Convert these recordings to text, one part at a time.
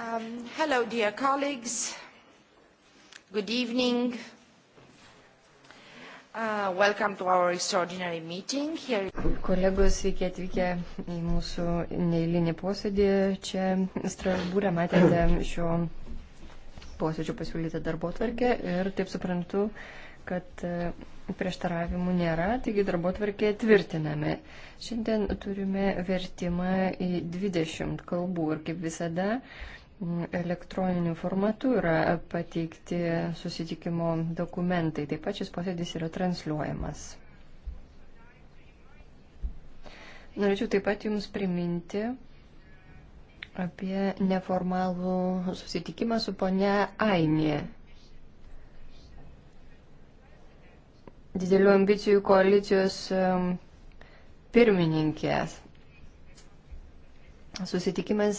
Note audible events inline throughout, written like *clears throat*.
Um, hello, dear colleagues. Good evening. Uh, welcome to our extraordinary meeting here. Kolegos, sveiki atvykę į mūsų neįlinį posėdį. Čia Strasbūrė matėte šio posėdžio pasiūlytą darbo tvarkę ir taip suprantu, kad uh, prieštaravimų nėra, taigi darbo tvarkė tvirtiname. Šiandien turime vertimą į 20 kalbų ir kaip visada elektroniniu formatu yra pateikti susitikimo dokumentai. Taip pat šis posėdis yra transliuojamas. Norėčiau taip pat Jums priminti apie neformalų susitikimą su ponia Ainė. Didelių ambicijų koalicijos pirmininkės Susitikimas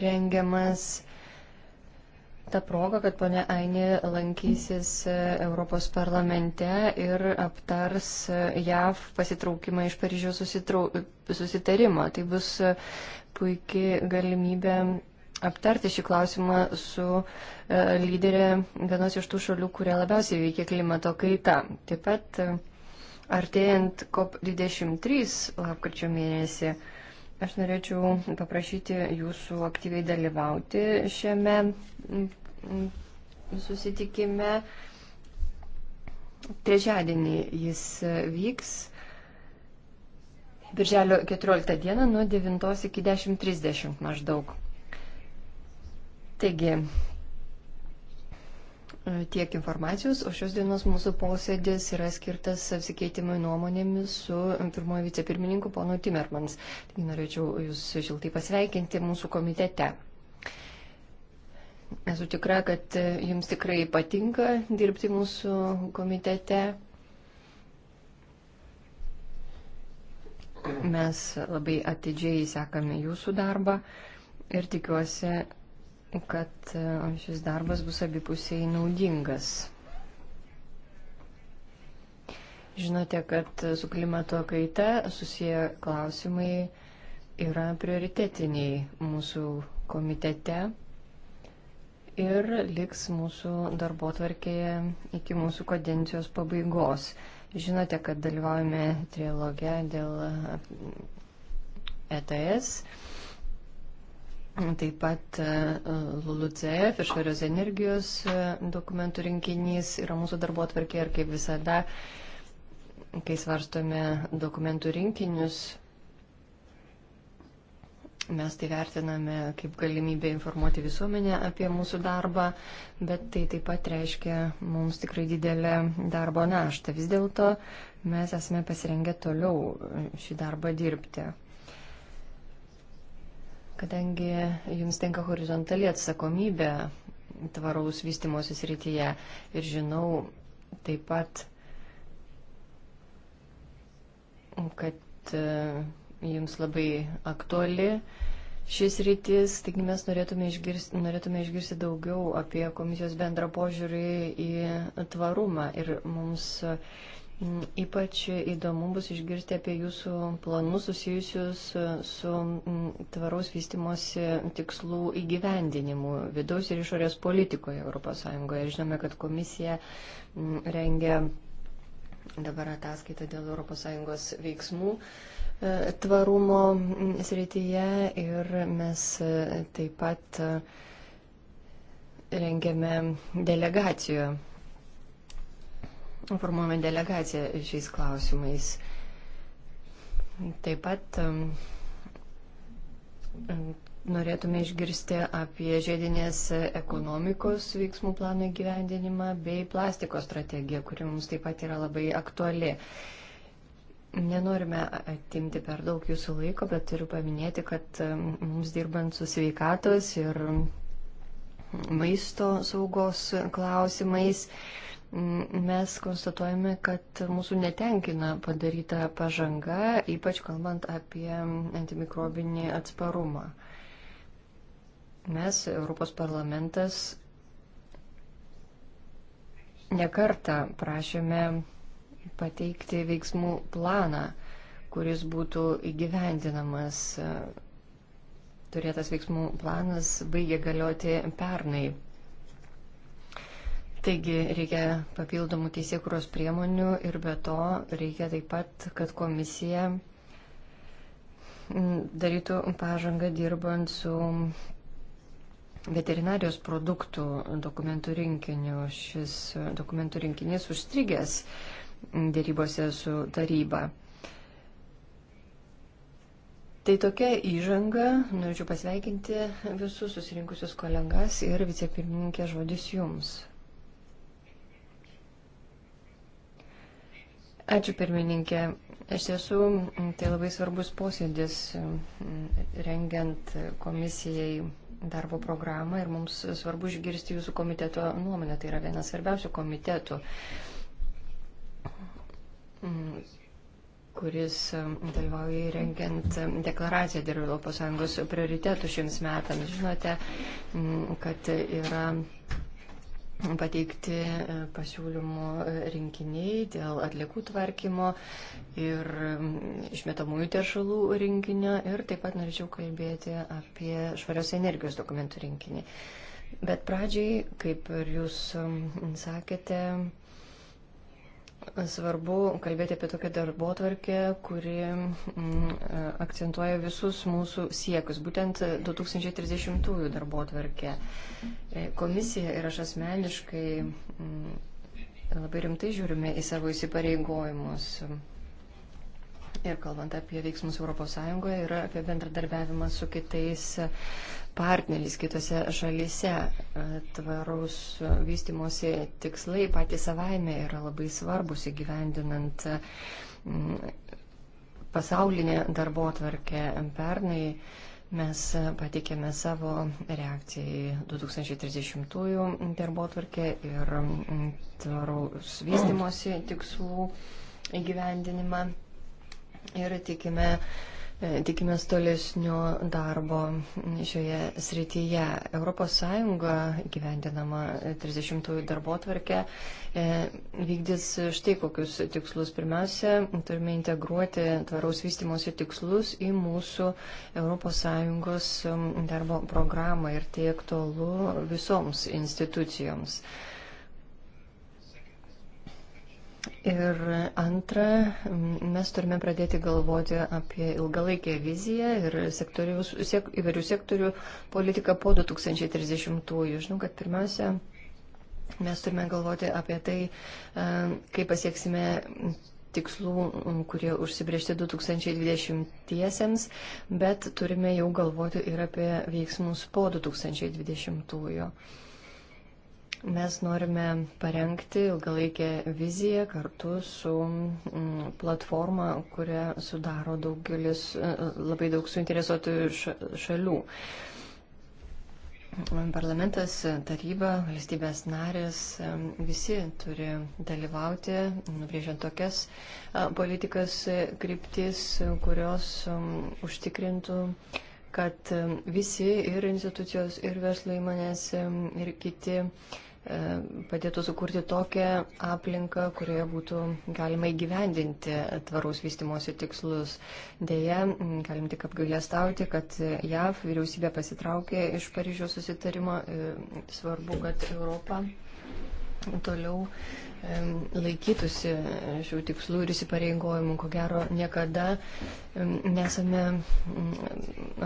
rengiamas tą progą, kad ponia Ainė lankysis Europos parlamente ir aptars JAV pasitraukimą iš Paryžiaus susitarimo. Tai bus puikiai galimybė aptarti šį klausimą su e, lyderė vienos iš tų šalių, kurie labiausiai veikia klimato kaita. Taip pat e, artėjant COP23 lapkričio mėnesį. Aš norėčiau paprašyti jūsų aktyviai dalyvauti šiame susitikime. Trečiadienį jis vyks. Birželio 14 dieną nuo 9 iki 10.30 maždaug. Taigi, E, tiek informacijos, o šios dienos mūsų posėdis yra skirtas apsikeitimui nuomonėmis su pirmojo vicepirmininku ponu Timermans. Taigi norėčiau Jūs šiltai pasveikinti mūsų komitete. Esu tikra, kad e, Jums tikrai patinka dirbti mūsų komitete. Mes labai atidžiai sekame Jūsų darbą ir tikiuosi, kad e, šis darbas bus abipusiai naudingas. Žinote, kad su klimato kaita susiję klausimai yra prioritetiniai mūsų komitete ir liks mūsų darbo tvarkėje iki mūsų kadencijos pabaigos. Žinote, kad dalyvaujame trilogę dėl ETS Taip pat e, e, LULUCF ir švarios energijos e, dokumentų rinkinys yra mūsų darbo atvarkė ir kaip visada, kai svarstome dokumentų rinkinius, mes tai vertiname kaip galimybę informuoti visuomenę apie mūsų darbą, bet tai taip pat reiškia mums tikrai didelę darbo naštą. Vis dėlto mes esame pasirengę toliau šį darbą dirbti. Kadangi jums tenka horizontali atsakomybė tvaraus vystimosi srityje ir žinau taip pat, kad e, jums labai aktuali šis rytis, taigi mes norėtume išgirsti, norėtume išgirsti daugiau apie komisijos bendrą požiūrį į tvarumą ir mums Mm, ypač įdomu bus išgirsti apie jūsų planus susijusius e, su mm, tvaraus vystimosi tikslų įgyvendinimu vidaus ir išorės politikoje ES. Žinome, kad komisija mm, rengia dabar ataskaitą dėl ES veiksmų e, tvarumo srityje ir mes e, taip pat rengiame delegacijoje formuojame delegaciją šiais klausimais. Taip pat norėtume išgirsti apie žiedinės ekonomikos veiksmų plano įgyvendinimą bei plastiko strategiją, kuri mums taip pat yra labai aktuali. Nenorime atimti per daug jūsų laiko, bet turiu paminėti, kad mums dirbant su sveikatos ir maisto saugos klausimais, uh, mes konstatuojame, kad mūsų netenkina padaryta pažanga, ypač kalbant apie antimikrobinį atsparumą. Mes, Europos parlamentas, nekartą prašėme pateikti veiksmų planą, kuris būtų įgyvendinamas. Turėtas veiksmų planas baigė galioti pernai Taigi reikia papildomų teisėkuros priemonių ir be to reikia taip pat, kad komisija darytų pažangą dirbant su veterinarijos produktų dokumentų rinkiniu. Šis dokumentų rinkinys užstrigęs dėrybose su taryba. Tai tokia įžanga. Norėčiau pasveikinti visus susirinkusius kolegas ir vicepirmininkė žodis jums. Ačiū pirmininkė. Iš tiesų, tai labai svarbus posėdis mm, rengiant komisijai darbo programą ir mums svarbu išgirsti jūsų komiteto nuomonę. Tai yra vienas svarbiausių komitetų, mm, kuris mm, dalyvauja rengiant deklaraciją dėl ES prioritetų šiems metams. Žinote, kad yra pateikti e, pasiūlymų e, rinkiniai dėl atliekų tvarkymo ir išmetamųjų teršalų rinkinio ir taip pat norėčiau kalbėti apie švarios energijos dokumentų rinkinį. Bet pradžiai, kaip ir jūs sakėte, Svarbu kalbėti apie tokią darbo tvarkę, kuri m, mm, akcentuoja visus mūsų siekius, būtent 2030-ųjų darbo tvarkę. Komisija ir aš asmeniškai m, mm, labai rimtai žiūrime į savo įsipareigojimus. Ir kalbant apie veiksmus ES ir apie bendradarbiavimą su kitais partneriais kitose šalyse, tvaraus vystimosi tikslai patys savaime yra labai svarbus įgyvendinant mm, pasaulinę darbo atvarkę. Pernai mes patikėme savo reakciją į 2030-ųjų darbo atvarkę ir mm, tvaraus vystimosi tikslų įgyvendinimą ir tikime, e, Tikimės tolesnio darbo šioje srityje. ES gyvendinama 30-ųjų darbo tvarkė e, vykdys štai kokius tikslus. Pirmiausia, turime integruoti tvaraus vystimosi tikslus į mūsų ES darbo programą ir tai aktualu visoms institucijoms. Ir antra, mes turime pradėti galvoti apie ilgalaikę viziją ir sektorius, siek, įvairių sektorių politiką po 2030-ųjų. Žinau, kad pirmiausia, mes turime galvoti apie tai, e, kaip pasieksime tikslų, kurie užsibriežti 2020-iesiems, bet turime jau galvoti ir apie veiksmus po 2020-ųjų. Mes norime parengti ilgalaikę viziją kartu su mm, platforma, kurią sudaro daugelis e, labai daug suinteresuotų šalių. Parlamentas, taryba, valstybės narės, e, visi turi dalyvauti, nubrėžiant tokias e, politikas kryptis, kurios užtikrintų kad visi ir institucijos, ir verslo įmonės, ir kiti E, padėtų sukurti tokią aplinką, kurioje būtų galima įgyvendinti tvaraus vystimosi tikslus. Deja, galim tik apgailestauti, kad JAV vyriausybė pasitraukė iš Paryžiaus susitarimo. E, svarbu, kad Europa toliau laikytųsi šių tikslų ir įsipareigojimų. Ko gero, niekada nesame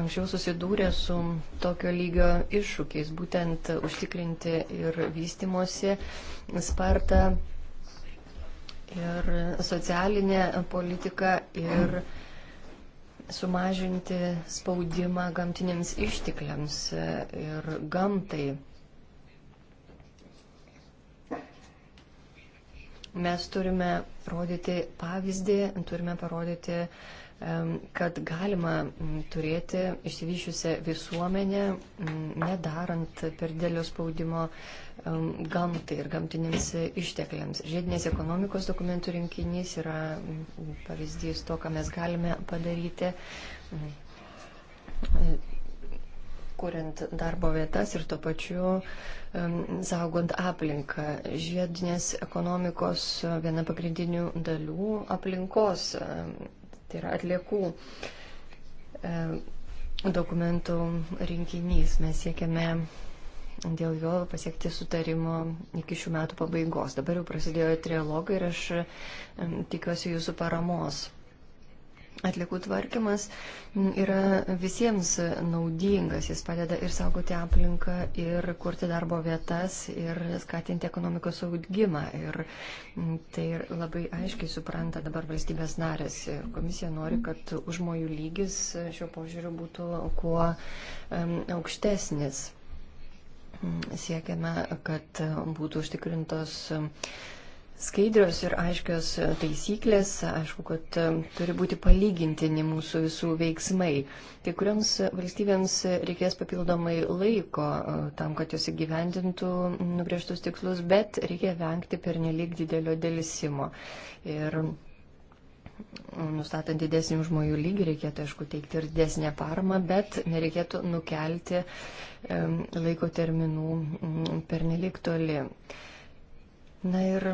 anksčiau susidūrę su tokio lygio iššūkiais, būtent užtikrinti ir vystimosi spartą, ir socialinę politiką, ir sumažinti spaudimą gamtiniams ištekliams e, ir gamtai. Mes turime rodyti pavyzdį, turime parodyti, kad galima turėti išsivyšiusią visuomenę, nedarant per dėlio spaudimo gamtai ir gamtinėms ištekliams. Žiedinės ekonomikos dokumentų rinkinys yra pavyzdys to, ką mes galime padaryti kuriant darbo vietas ir tuo pačiu uh, saugant aplinką. Žiedinės ekonomikos viena pagrindinių dalių aplinkos, tai yra atliekų dokumentų rinkinys. Mes siekiame dėl jo pasiekti sutarimo iki šių metų pabaigos. Dabar jau prasidėjo trialogai ir aš tikiuosi jūsų paramos atlikų tvarkymas yra visiems naudingas. Jis padeda ir saugoti aplinką, ir kurti darbo vietas, ir skatinti ekonomikos augimą. Ir mm, tai labai aiškiai supranta dabar valstybės narės. Komisija nori, kad užmojų lygis šiuo požiūriu būtų kuo aukštesnis. Mm, siekiame, kad būtų užtikrintos skaidrios ir aiškios taisyklės, aišku, kad e, turi būti palygintini mūsų visų veiksmai. Kai kuriams valstybėms reikės papildomai laiko e, tam, kad jos įgyvendintų nubrėžtus tikslus, bet reikia vengti pernelyg didelio dėlisimo. Ir mm, nustatant didesnį žmonių lygį, reikėtų, aišku, teikti ir didesnę paramą, bet nereikėtų nukelti e, laiko terminų mm, pernelik toli. Na ir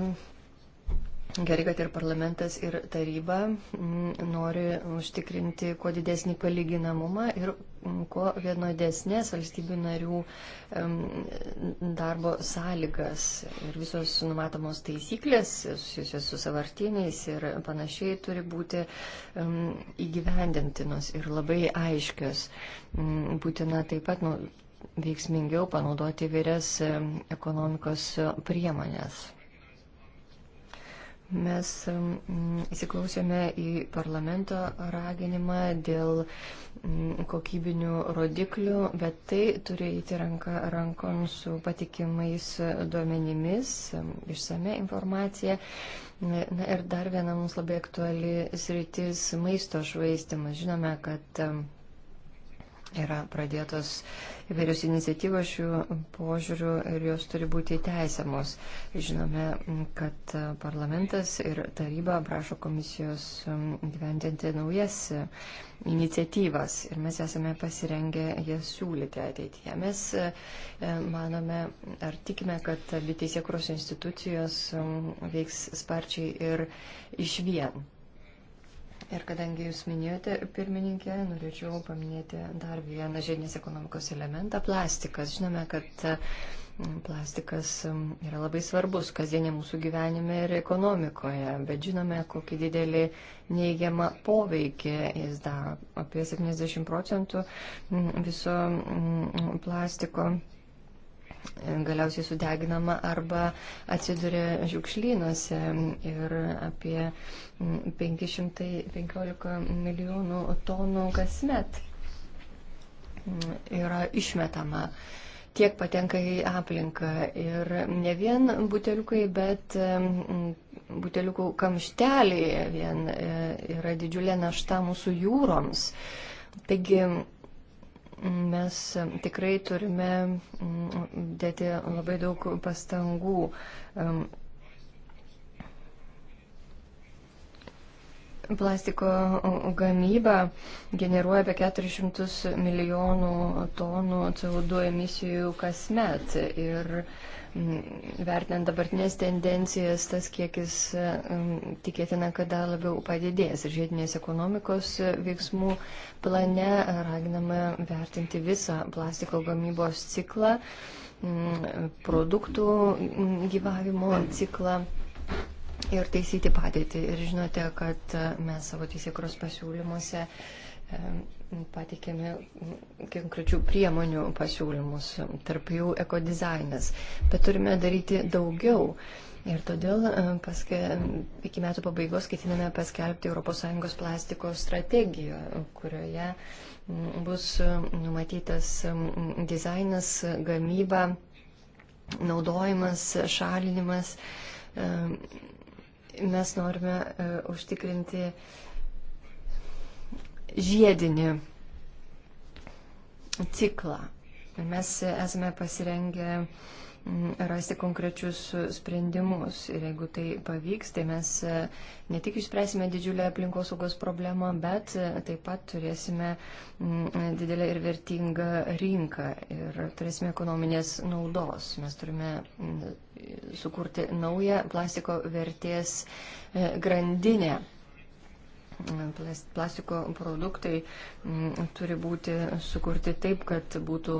Gerai, kad ir parlamentas, ir taryba mm, nori užtikrinti kuo didesnį palyginamumą ir mm, kuo vienodesnės valstybių narių darbo sąlygas. Ir visos numatomos taisyklės susijusios su savartiniais ir panašiai turi būti įgyvendintinos ir labai aiškios. Mm, būtina taip pat nu, veiksmingiau panaudoti vairias ekonomikos priemonės. Mes įsiklausėme į parlamento raginimą dėl kokybinių rodiklių, bet tai turi įti ranką rankon su patikimais duomenimis, išsame informacija. Na ir dar viena mums labai aktuali sritis - maisto švaistimas. Žinome, kad yra pradėtos įvairios iniciatyvos šių požiūrių ir jos turi būti įteisiamos. Žinome, kad parlamentas ir taryba prašo komisijos um, gyventinti naujas um, iniciatyvas ir mes esame pasirengę jas siūlyti ateityje. Mes um, manome ar tikime, kad abi teisėkros institucijos veiks sparčiai ir iš vien. Ir kadangi jūs minėjote, pirmininkė, norėčiau paminėti dar vieną žiedinės ekonomikos elementą - plastikas. Žinome, kad plastikas yra labai svarbus kasdienė mūsų gyvenime ir ekonomikoje, bet žinome, kokį didelį neigiamą poveikį jis daro. Apie 70 procentų viso plastiko galiausiai sudeginama arba atsiduria žiukšlynuose. Ir apie 515 milijonų tonų kasmet yra išmetama tiek patenka į aplinką. Ir ne vien buteliukai, bet buteliukų kamšteliai vien e, yra didžiulė našta mūsų jūroms. Taigi mes tikrai turime mm, dėti labai daug pastangų. Plastiko gamyba generuoja apie 400 milijonų tonų CO2 emisijų kasmet ir Mm, vertinant dabartinės tendencijas, tas kiekis mm, tikėtina, kad dar labiau padidės. Ir žiedinės ekonomikos veiksmų plane raginama vertinti visą plastiko gamybos ciklą, mm, produktų gyvavimo ciklą. Ir taisyti padėtį. Ir žinote, kad mes savo teisėkros pasiūlymuose uh, patikėme konkrečių priemonių pasiūlymus, tarp jų ekodizainas. Bet turime daryti daugiau. Ir todėl paske, iki metų pabaigos ketiname paskelbti ES plastiko strategiją, kurioje bus numatytas dizainas, gamyba, naudojimas, šalinimas. Mes norime e, užtikrinti uh, žiedinį ciklą. Ir mes esame pasirengę mm, rasti konkrečius sprendimus. Ir jeigu tai pavyks, tai mes e, ne tik išspręsime didžiulę aplinkosaugos problemą, bet e, taip pat turėsime mm, didelę ir vertingą rinką ir turėsime ekonominės naudos. Mes turime mm, sukurti naują plastiko vertės e, grandinę plastiko produktai mm, turi būti sukurti taip, kad būtų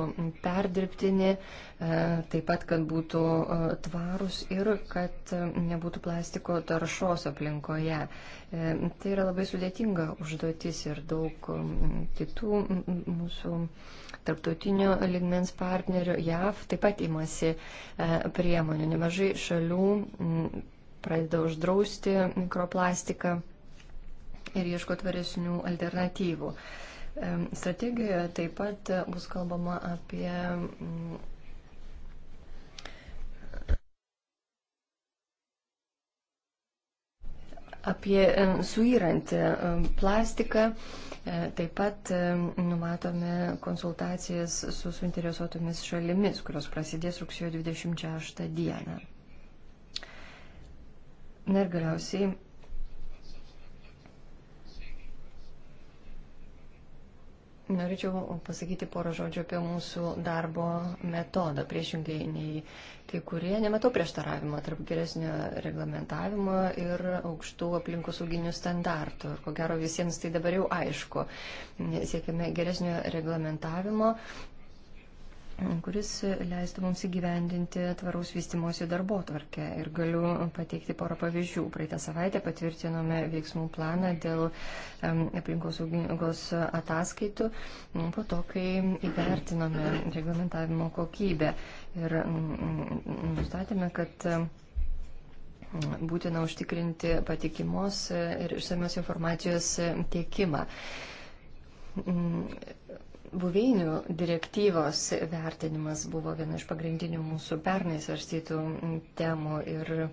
perdirbtini, e, taip pat, kad būtų e, tvarus ir kad e, nebūtų plastiko taršos aplinkoje. Tai yra labai sudėtinga užduotis ir daug mm, kitų mm, mūsų tarptautinio ligmens partnerių JAV taip pat imasi priemonių. Nemažai šalių pradeda uždrausti mikroplastiką ir ieško tvaresnių alternatyvų. Strategijoje taip pat bus kalbama apie mm, apie suyrantį plastiką. E, taip pat numatome konsultacijas su suinteresuotomis šalimis, kurios prasidės rugsėjo 26 dieną. Na ir galiausiai Norėčiau pasakyti porą žodžių apie mūsų darbo metodą. Priešingai nei kai kurie, nematau prieštaravimo tarp geresnio reglamentavimo ir aukštų aplinkosauginių standartų. Ir ko gero visiems tai dabar jau aišku. Siekime geresnio reglamentavimo, kuris leistų mums įgyvendinti tvaraus vystimosi darbo tvarkę. Ir galiu pateikti porą pavyzdžių. Praeitą savaitę patvirtinome veiksmų planą dėl aplinkosaugos ataskaitų po to, kai įvertinome reglamentavimo kokybę ir nustatėme, kad būtina užtikrinti patikimos ir išsamios informacijos tiekimą Buveinių direktyvos vertinimas buvo viena iš pagrindinių mūsų pernai svarstytų temų ir e,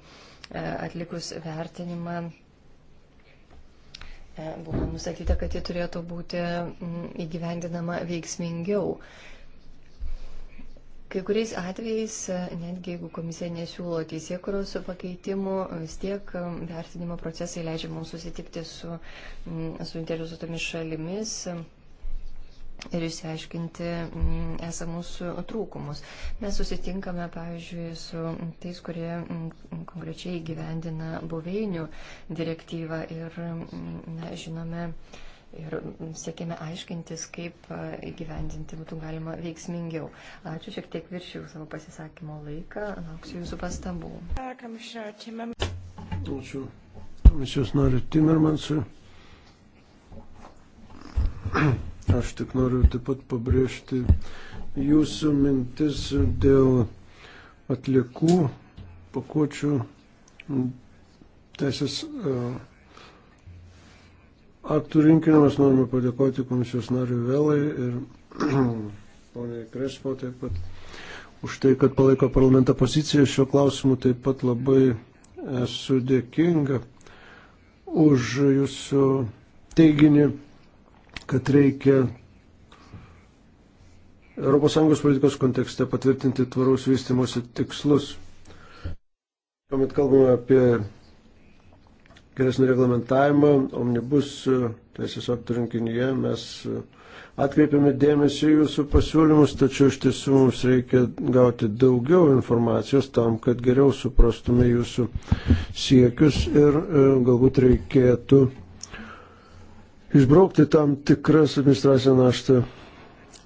atlikus vertinimą e, buvo nustatyta, kad ji turėtų būti įgyvendinama veiksmingiau. Kai kuriais atvejais, e, netgi jeigu komisija nesiūlo teisėkuros pakeitimų, vis tiek vertinimo procesai leidžia mums susitikti su suinteresuotomis šalimis ir išsiaiškinti mm, esamus trūkumus. Mes susitinkame, pavyzdžiui, su tais, kurie mm, konkrečiai gyvendina buveinių direktyvą ir mm, na, žinome, ir siekėme aiškintis, kaip įgyvendinti būtų galima veiksmingiau. Ačiū, šiek tiek viršiau savo pasisakymo laiką, lauksiu jūsų pastabų. Ačiū. Komisijos nariu Timermansui. Aš tik noriu taip pat pabrėžti jūsų mintis dėl atliekų pakuočių teisės e, aktų rinkinio. Mes norime padėkoti komisijos nariui Vėlai ir *clears throat* poniai Krespo taip pat už tai, kad palaiko parlamentą poziciją šiuo klausimu. Taip pat labai esu dėkinga už jūsų teiginį kad reikia ES politikos kontekste patvirtinti tvaraus vystimosi tikslus. Kuomet kalbame apie geresnį reglamentavimą, omnibus e, teisės aktų rinkinyje mes e, atkreipiame dėmesį jūsų pasiūlymus, tačiau iš tiesų mums reikia gauti daugiau informacijos tam, kad geriau suprastume jūsų siekius ir e, galbūt reikėtų išbraukti tam tikras administracinę naštą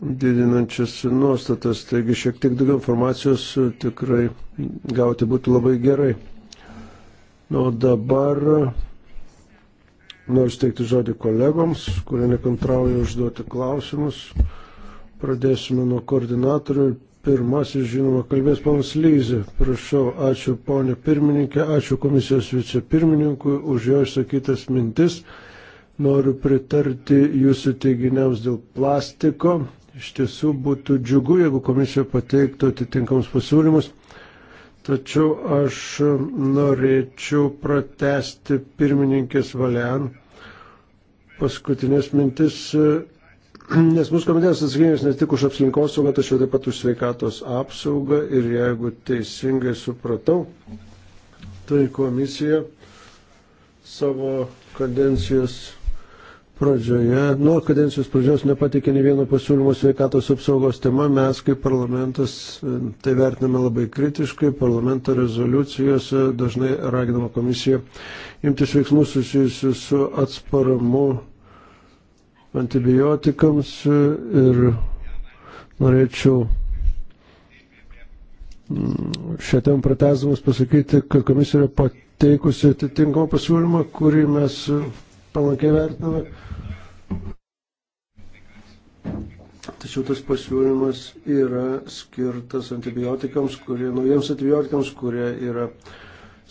didinančias nuostatas. Taigi šiek tiek daugiau informacijos e, tikrai gauti būtų labai gerai. Na, o dabar e, noriu steigti žodį kolegoms, kurie nekantrauja užduoti klausimus. Pradėsime nuo koordinatorių. Pirmasis, žinoma, kalbės panas Lyzė. Prašau, ačiū ponė pirmininkė, ačiū komisijos vicepirmininkui už jo išsakytas mintis. Noriu pritarti jūsų teiginiams dėl plastiko. Iš tiesų būtų džiugu, jeigu komisija pateiktų atitinkamus pasiūlymus. Tačiau aš norėčiau pratesti pirmininkės Valian paskutinės mintis, nes mūsų komitetas atsakingas ne tik už aplinkos saugą, tačiau taip pat už sveikatos apsaugą ir jeigu teisingai supratau, tai komisija savo kadencijos pradžioje, nuo kadencijos pradžios nepatikė ne vieno pasiūlymo sveikatos apsaugos tema, mes kaip parlamentas e, tai vertiname labai kritiškai, parlamento rezoliucijose dažnai raginama komisija imtis veiksmų susijusių su atsparamu antibiotikams e, ir norėčiau mm, šią temą pratesdamas pasakyti, kad komisija yra pateikusi atitinkamą pasiūlymą, kurį mes palankiai vertiname. Tačiau tas pasiūlymas yra skirtas antibiotikams, kurie, naujiems antibiotikams, kurie yra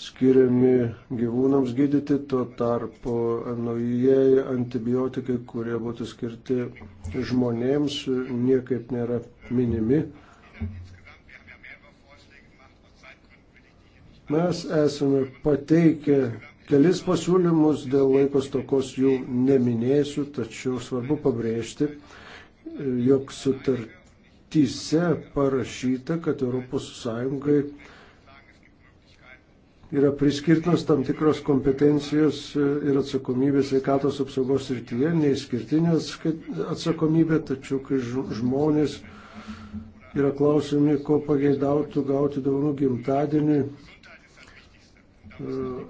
skiriami gyvūnams gydyti, tuo tarpu naujieji antibiotikai, kurie būtų skirti žmonėms, niekaip nėra minimi. Mes esame pateikę kelis pasiūlymus, dėl laikos tokos jų neminėsiu, tačiau svarbu pabrėžti, jog sutartyse parašyta, kad ES yra priskirtinos tam tikros kompetencijos ir atsakomybės sveikatos apsaugos srityje, neįskirtinė atsakomybė, tačiau kai žmonės yra klausiami, ko pageidautų gauti daunų gimtadienį,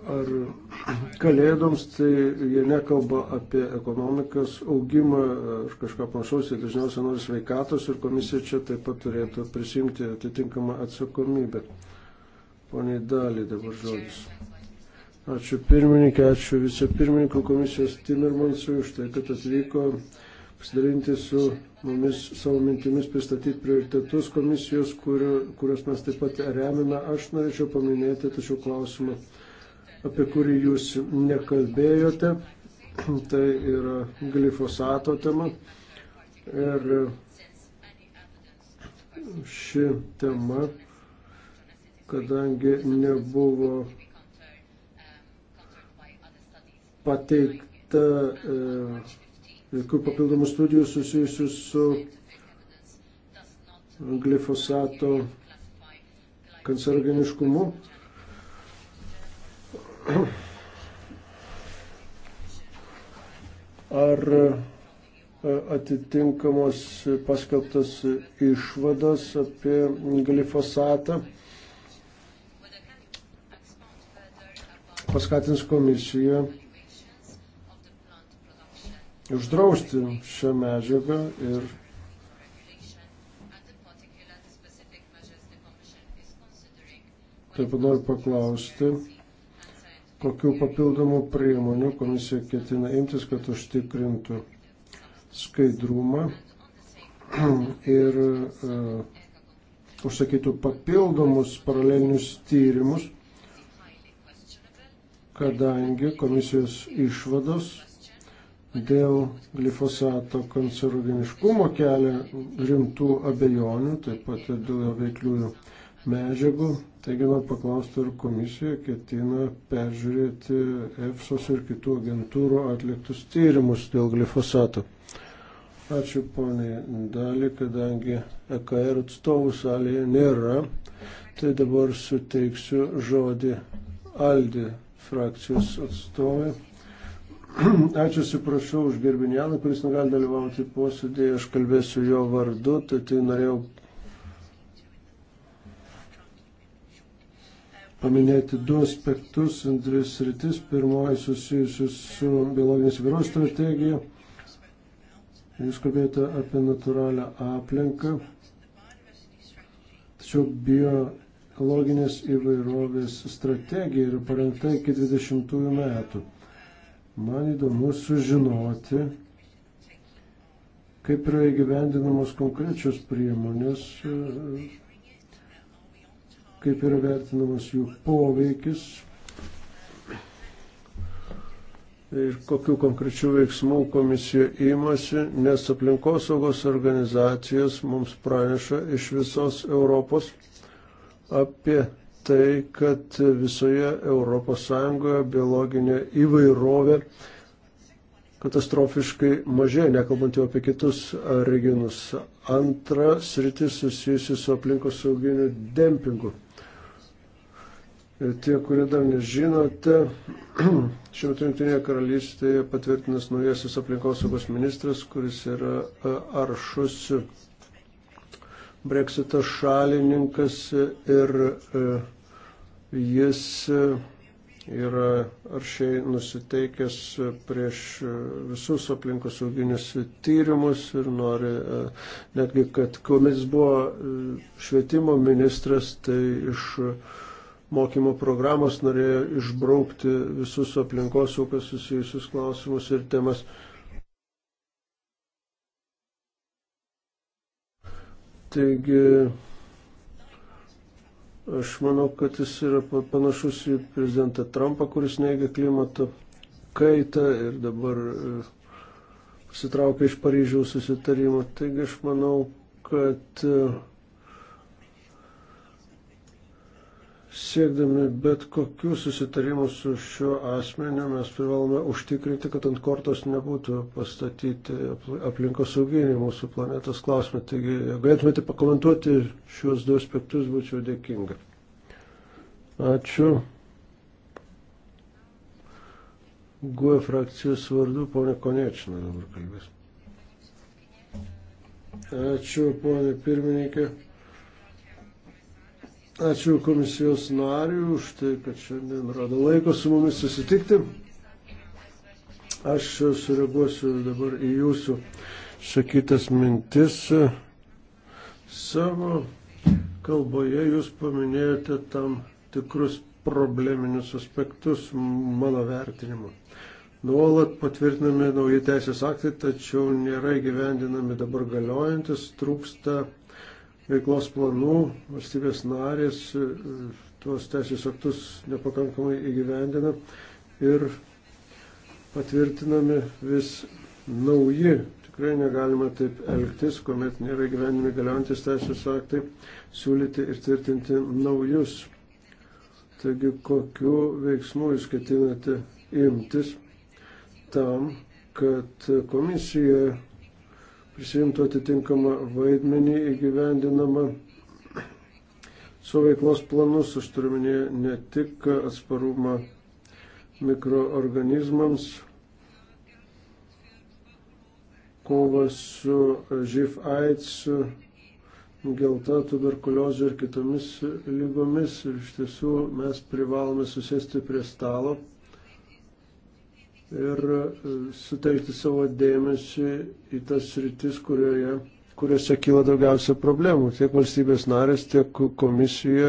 ar kalėdoms, tai jie nekalba apie ekonomikos augimą, aš kažką panašaus, jie dažniausiai nori sveikatos ir komisija čia taip pat turėtų prisimti atitinkamą atsakomybę. Pone Dalį dabar žodis. Ačiū pirmininkė, ačiū vicepirmininkų komisijos Timmermansui už tai, kad atvyko pasidalinti su mumis savo mintimis pristatyti prioritetus komisijos, kuriuos mes taip pat remiame. Aš norėčiau paminėti, tačiau klausimą apie kurį jūs nekalbėjote, tai yra glifosato tema. Ir ši tema, kadangi nebuvo pateikta e, jokių papildomų studijų susijusių su glifosato kancerogeniškumu, Ar e, atitinkamos paskelbtas išvadas apie glifosatą paskatins komisiją uždrausti šią medžiagą ir taip pat noriu paklausti, kokių papildomų priemonių komisija ketina imtis, kad užtikrintų skaidrumą *clears throat* ir uh, užsakytų papildomus paralelinius tyrimus, kadangi komisijos išvados dėl glifosato kancerogeniškumo kelia rimtų abejonių, taip pat ir dėl veikliųjų medžiagų. Taigi man paklausti, ar komisija ketina peržiūrėti EFSOS ir kitų agentūrų atliktus tyrimus dėl glifosato. Ačiū poniai dalį, kadangi EKR atstovų salėje nėra, tai dabar suteiksiu žodį Aldi frakcijos atstovai. *clears throat* Ačiū, atsiprašau už Gerbinjaną, kuris negali dalyvauti posėdėje, aš kalbėsiu jo vardu, tai, tai norėjau paminėti du aspektus, dvi sritis. Pirmoji susijusi su biologinės vyros strategija. Jūs kalbėjote apie natūralią aplinką, tačiau biologinės įvairovės strategija yra parengta iki 20 metų. Man įdomu sužinoti, kaip yra įgyvendinamos konkrečios priemonės kaip yra vertinamas jų poveikis ir kokiu konkrečiu veiksmu komisija įmasi, nes aplinkosaugos organizacijos mums praneša iš visos Europos apie tai, kad visoje ES biologinė įvairovė katastrofiškai mažėja, nekalbant jau apie kitus regionus. Antra sritis susijusi su aplinkosauginiu dempingu. Tie, kurie dar nežinote, *clears throat* šiuo metu Junktinėje karalystėje patvirtinas naujasis aplinkosaugos ministras, kuris yra e, aršus breksito šalininkas ir e, jis e, yra aršiai nusiteikęs prieš visus aplinkosauginius tyrimus ir nori netgi, kad kuomet jis buvo švietimo ministras, tai iš mokymo programos norėjo išbraukti visus aplinkos aukas susijusius klausimus ir temas. Taigi, aš manau, kad jis yra panašus į prezidentą Trumpą, kuris neigia klimato kaitą ir dabar e, pasitraukia iš Paryžiaus susitarimo. Taigi, aš manau, kad e, Siekdami bet kokių susitarimų su šiuo asmeniu mes privalome užtikrinti, kad ant kortos nebūtų pastatyti aplinkosauginiai mūsų planetos klausimai. Taigi, galėtumėte pakomentuoti šiuos du aspektus, būčiau dėkinga. Ačiū. GUE frakcijos vardu ponė Konečina dabar kalbės. Ačiū ponė pirmininkė. Ačiū komisijos nariu už tai, kad šiandien rado laiko su mumis susitikti. Aš sureaguosiu dabar į jūsų sakytas mintis. Savo kalboje jūs paminėjote tam tikrus probleminius aspektus mano vertinimu. Nuolat patvirtinami nauji teisės aktai, tačiau nėra įgyvendinami dabar galiojantis, trūksta veiklos planų valstybės narės e, tuos teisės aktus nepakankamai įgyvendina ir patvirtinami vis nauji. Tikrai negalima taip elgtis, kuomet nėra gyvenime galiojantis teisės aktai, siūlyti ir tvirtinti naujus. Taigi, kokiu veiksmu jūs ketinate imtis tam, kad komisija prisimtų atitinkamą vaidmenį įgyvendinamą su veiklos planus, aš turiu minėję ne tik atsparumą mikroorganizmams, kovą su živ AIDS, gelta, tuberkuliozė ir kitomis lygomis. Ir iš tiesų mes privalome susėsti prie stalo ir e, sutelkti savo dėmesį į tas rytis, kurioje, kuriuose kyla daugiausia problemų. Tiek valstybės narės, tiek komisija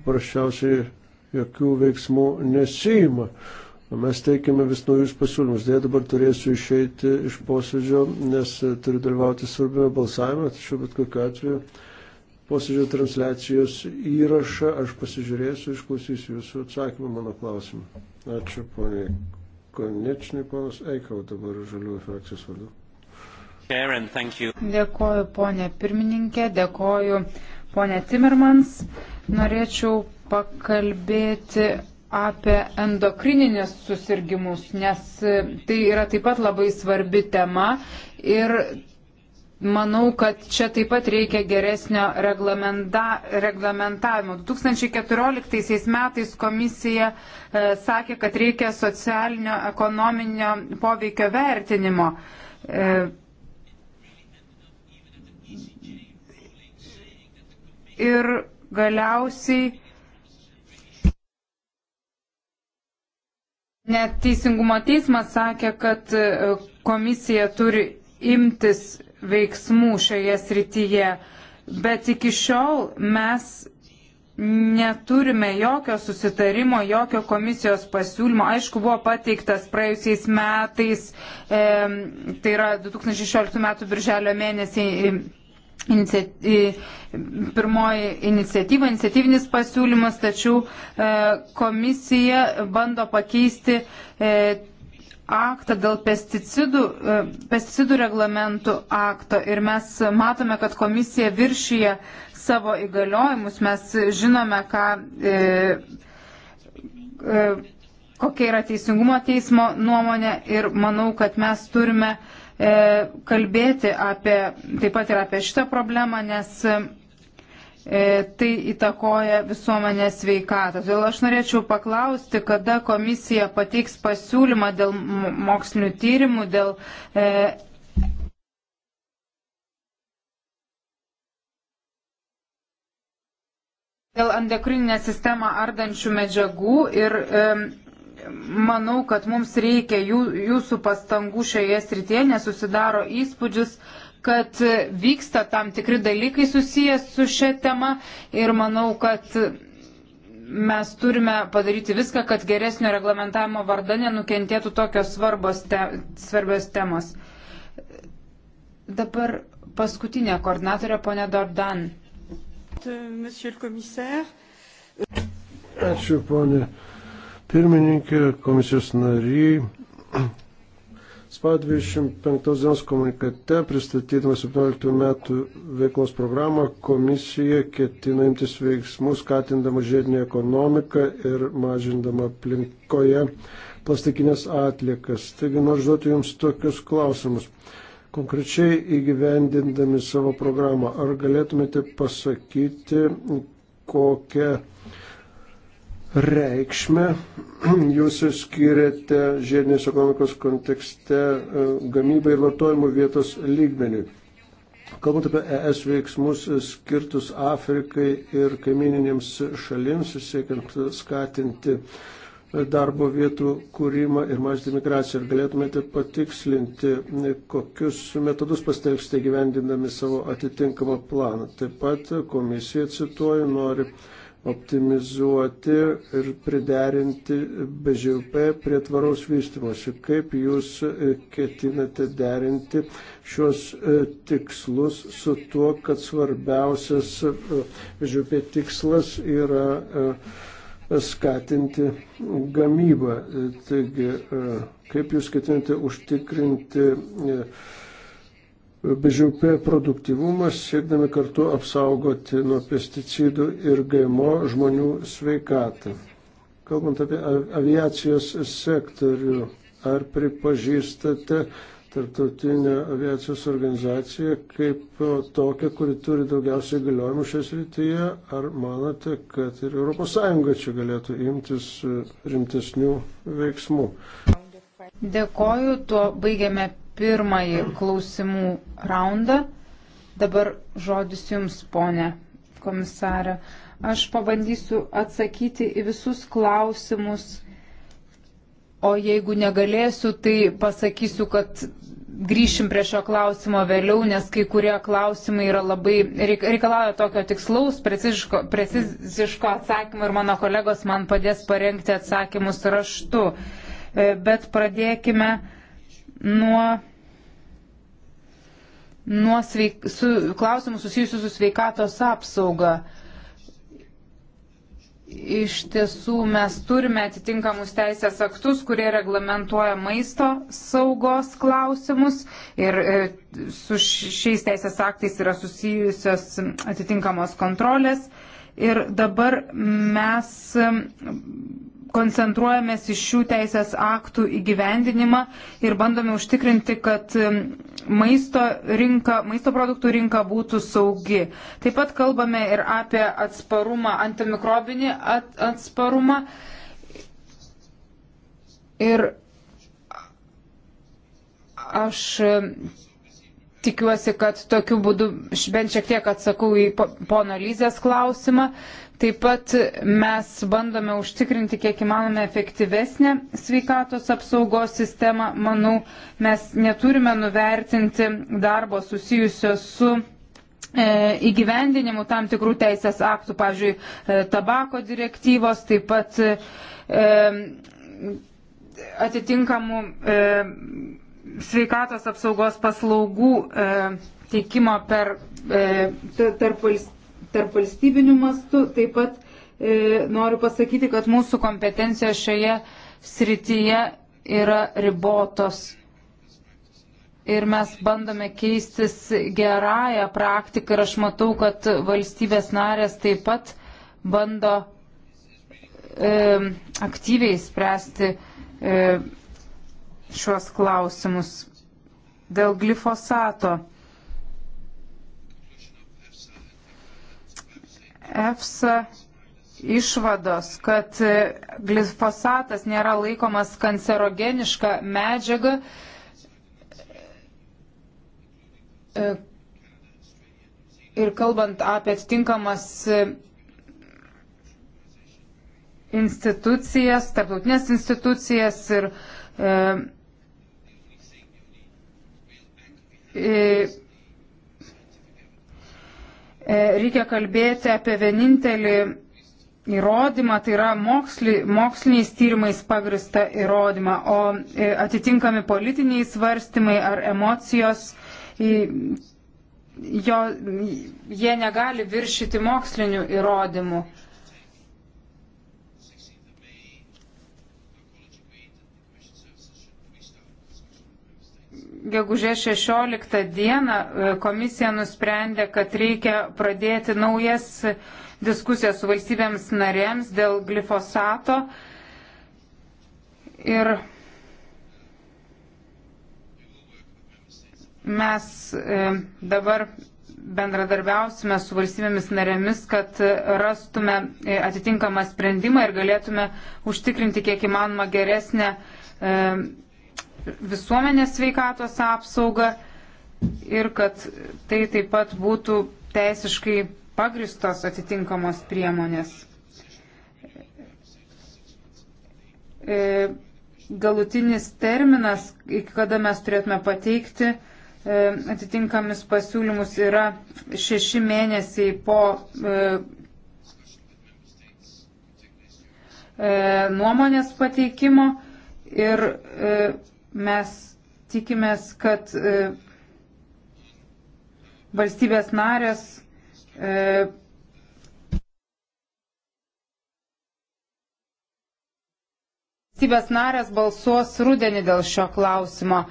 paprasčiausiai jokių veiksmų nesijima. Mes teikime vis naujus pasiūlymus. Dėja dabar turėsiu išeiti iš posėdžio, nes e, turiu dalyvauti svarbiame balsavime, tačiau bet kokiu atveju posėdžio transliacijos įrašą aš pasižiūrėsiu, išklausysiu jūsų atsakymą mano klausimą. Ačiū, poniai Konečnai ponas Eikau dabar žaliųjų frakcijos vardu. Dėkoju ponė pirmininkė, dėkoju ponė Timmermans. Norėčiau pakalbėti apie endokrininius susirgymus, nes tai yra taip pat labai svarbi tema ir Manau, kad čia taip pat reikia geresnio reglamentavimo. 2014 metais komisija e, sakė, kad reikia socialinio ekonominio poveikio vertinimo. E, ir galiausiai net Teisingumo teismas sakė, kad e, komisija turi imtis veiksmų šioje srityje, bet iki šiol mes neturime jokio susitarimo, jokio komisijos pasiūlymo. Aišku, buvo pateiktas praėjusiais metais, e, tai yra 2016 metų birželio mėnesį. Inicia pirmoji iniciatyva, iniciatyvinis pasiūlymas, tačiau e, komisija bando pakeisti e, aktą, dėl pesticidų, e, pesticidų reglamentų akto ir mes matome, kad komisija viršyje savo įgaliojimus, mes žinome, ką, e, e, kokia yra teisingumo teismo nuomonė ir manau, kad mes turime e, kalbėti apie, taip pat ir apie šitą problemą, nes E, tai įtakoja visuomenės sveikatą. Todėl aš norėčiau paklausti, kada komisija pateiks pasiūlymą dėl mokslinių tyrimų, dėl. E, Dėl endokrininę sistemą ardančių medžiagų ir e, manau, kad mums reikia jų, jūsų pastangų šioje srityje, nes susidaro įspūdžius, e, kad vyksta tam tikri dalykai susijęs su šia tema ir manau, kad mes turime padaryti viską, kad geresnio reglamentavimo varda nenukentėtų tokios te, svarbios temos. Dabar paskutinė koordinatorė, ponė Dordan. Ačiū, ponė pirmininkė, komisijos nariai Spalio 25 dienos komunikate, pristatydama 17 metų veiklos programą, komisija ketina imtis veiksmų, skatindama žiedinį ekonomiką ir mažindama aplinkoje plastikinės atliekas. Taigi noriu žduoti Jums tokius klausimus. Konkrečiai įgyvendindami savo programą, ar galėtumėte pasakyti, kokią reikšmę. *clears throat* Jūs skiriate žiedinės ekonomikos kontekste e, gamybai ir vartojimo vietos lygmenį. Kalbant apie ES veiksmus skirtus Afrikai ir kaimininėms šalims, siekiant skatinti darbo vietų kūrimą ir mažinti migraciją. Ar galėtumėte patikslinti, e, kokius metodus pastelgsite gyvendindami savo atitinkamą planą? Taip pat komisija, cituoju, nori optimizuoti ir priderinti BŽUP prie tvaraus vystimosi. Kaip jūs e, ketinate derinti šios e, tikslus su tuo, kad svarbiausias e, BŽUP tikslas yra skatinti gamybą. Taigi, kaip jūs ketinate užtikrinti BŽP produktivumas, siekdami kartu apsaugoti nuo pesticidų ir GMO žmonių sveikatą. Kalbant apie aviacijos sektorių, ar pripažįstate tarptautinę aviacijos organizaciją kaip tokią, kuri turi daugiausiai galiojimų šios rytyje, ar manote, kad ir ES čia galėtų imtis e, rimtesnių veiksmų? Dėkoju, tuo baigiame pirmąjį klausimų raundą. Dabar žodis Jums, ponė komisarė. Aš pabandysiu atsakyti į visus klausimus, o jeigu negalėsiu, tai pasakysiu, kad grįšim prie šio klausimo vėliau, nes kai kurie klausimai yra labai, reikalauja tokio tikslaus, preciziško, preciziško atsakymo ir mano kolegos man padės parengti atsakymus raštu. E, bet pradėkime nuo, nuo sveik, su, klausimų susijusių su sveikatos apsauga. Iš tiesų mes turime atitinkamus teisės aktus, kurie reglamentuoja maisto saugos klausimus ir e, su šiais teisės aktais yra susijusios atitinkamos kontrolės. E, Ir dabar mes koncentruojamės iš šių teisės aktų įgyvendinimą ir bandome užtikrinti, kad maisto, rinka, maisto produktų rinka būtų saugi. Taip pat kalbame ir apie atsparumą, antimikrobinį at, atsparumą. Ir aš tikiuosi, kad tokiu būdu bent šiek tiek atsakau į pono Lyzės klausimą. Taip pat mes bandome užtikrinti kiek įmanome efektyvesnę sveikatos apsaugos sistemą. Manau, mes neturime nuvertinti darbo susijusio su e, įgyvendinimu tam tikrų teisės aktų, pavyzdžiui, e, tabako direktyvos, taip pat e, atitinkamų sveikatos apsaugos paslaugų e, teikimo per, e, tarp, tarp valstybinių mastų. Taip pat e, noriu pasakyti, kad mūsų kompetencijos šioje srityje yra ribotos. Ir mes bandome keistis gerąją praktiką ir aš matau, kad valstybės narės taip pat bando e, aktyviai spręsti e, šiuos klausimus dėl glifosato. EFSA išvados, kad glifosatas nėra laikomas kancerogeniška medžiaga, e, ir kalbant apie atitinkamas institucijas, tarptautinės institucijas ir e, E, e, reikia kalbėti apie vienintelį įrodymą, tai yra moksli, moksliniais tyrimais pagrista įrodymą, o e, atitinkami politiniai svarstymai ar emocijos, jo, jie negali viršyti mokslinių įrodymų. gegužė 16 dieną e, komisija nusprendė, kad reikia pradėti naujas diskusijas su valstybėms narėms dėl glifosato. Ir mes e, dabar bendradarbiausime su valstybėmis narėmis, kad rastume e, atitinkamą sprendimą ir galėtume užtikrinti kiek įmanoma geresnę visuomenės sveikatos apsaugą ir kad tai taip pat būtų teisiškai pagristos atitinkamos priemonės. E, galutinis terminas, iki kada mes turėtume pateikti e, atitinkamis pasiūlymus, yra šeši mėnesiai po e, nuomonės pateikimo ir Mes tikimės, kad e, valstybės narės e, valstybės narės balsuos rudenį dėl šio klausimo.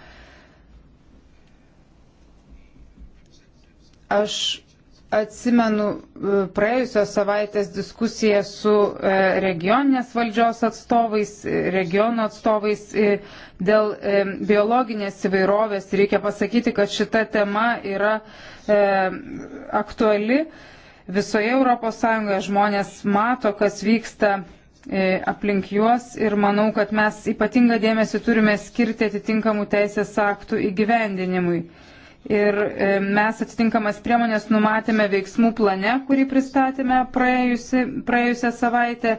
Aš atsimenu e, praėjusios savaitės diskusiją su e, regioninės valdžios atstovais, e, regiono atstovais dėl biologinės įvairovės. Reikia pasakyti, kad šita tema yra aktuali. Visoje ES žmonės mato, kas vyksta aplink juos ir manau, kad mes ypatingą dėmesį turime skirti atitinkamų teisės aktų įgyvendinimui. Ir e, mes atitinkamas priemonės numatėme veiksmų plane, kurį pristatėme praėjusi, praėjusią savaitę.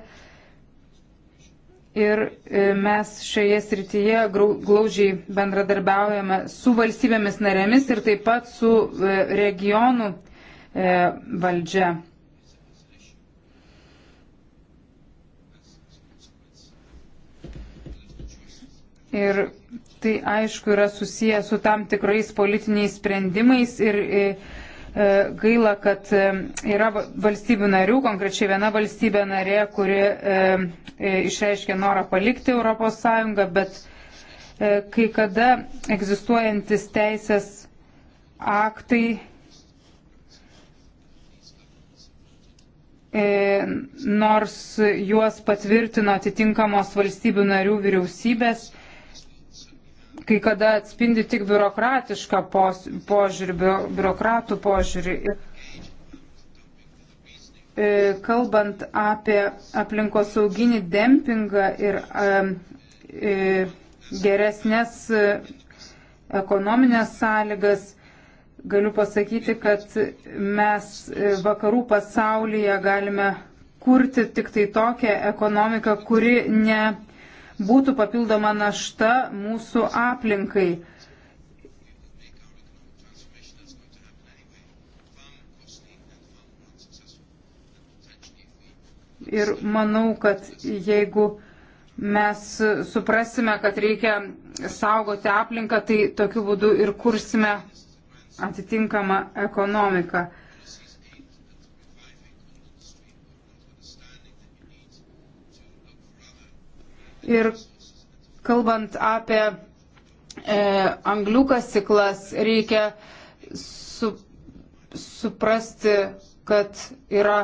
Ir e, mes šioje srityje glaužiai bendradarbiaujame su valstybėmis narėmis ir taip pat su e, regionų valdžia. Ir tai aišku yra susiję su tam tikrais politiniais sprendimais ir e, e, gaila, kad e, yra valstybių narių, konkrečiai viena valstybė narė, kuri išreiškė norą palikti ES, bet kai kada egzistuojantis teisės aktai nors juos patvirtino atitinkamos valstybių narių vyriausybės, kai kada atspindi tik biurokratišką požiūrį, biurokratų požiūrį. E, kalbant apie aplinkosauginį dempingą ir e, geresnės e, ekonominės sąlygas, galiu pasakyti, kad mes vakarų pasaulyje galime kurti tik tai tokią ekonomiką, kuri ne būtų papildoma našta mūsų aplinkai. Ir manau, kad jeigu mes suprasime, kad reikia saugoti aplinką, tai tokiu būdu ir kursime atitinkamą ekonomiką. Ir kalbant apie e, anglių kasiklas, reikia su, suprasti, kad yra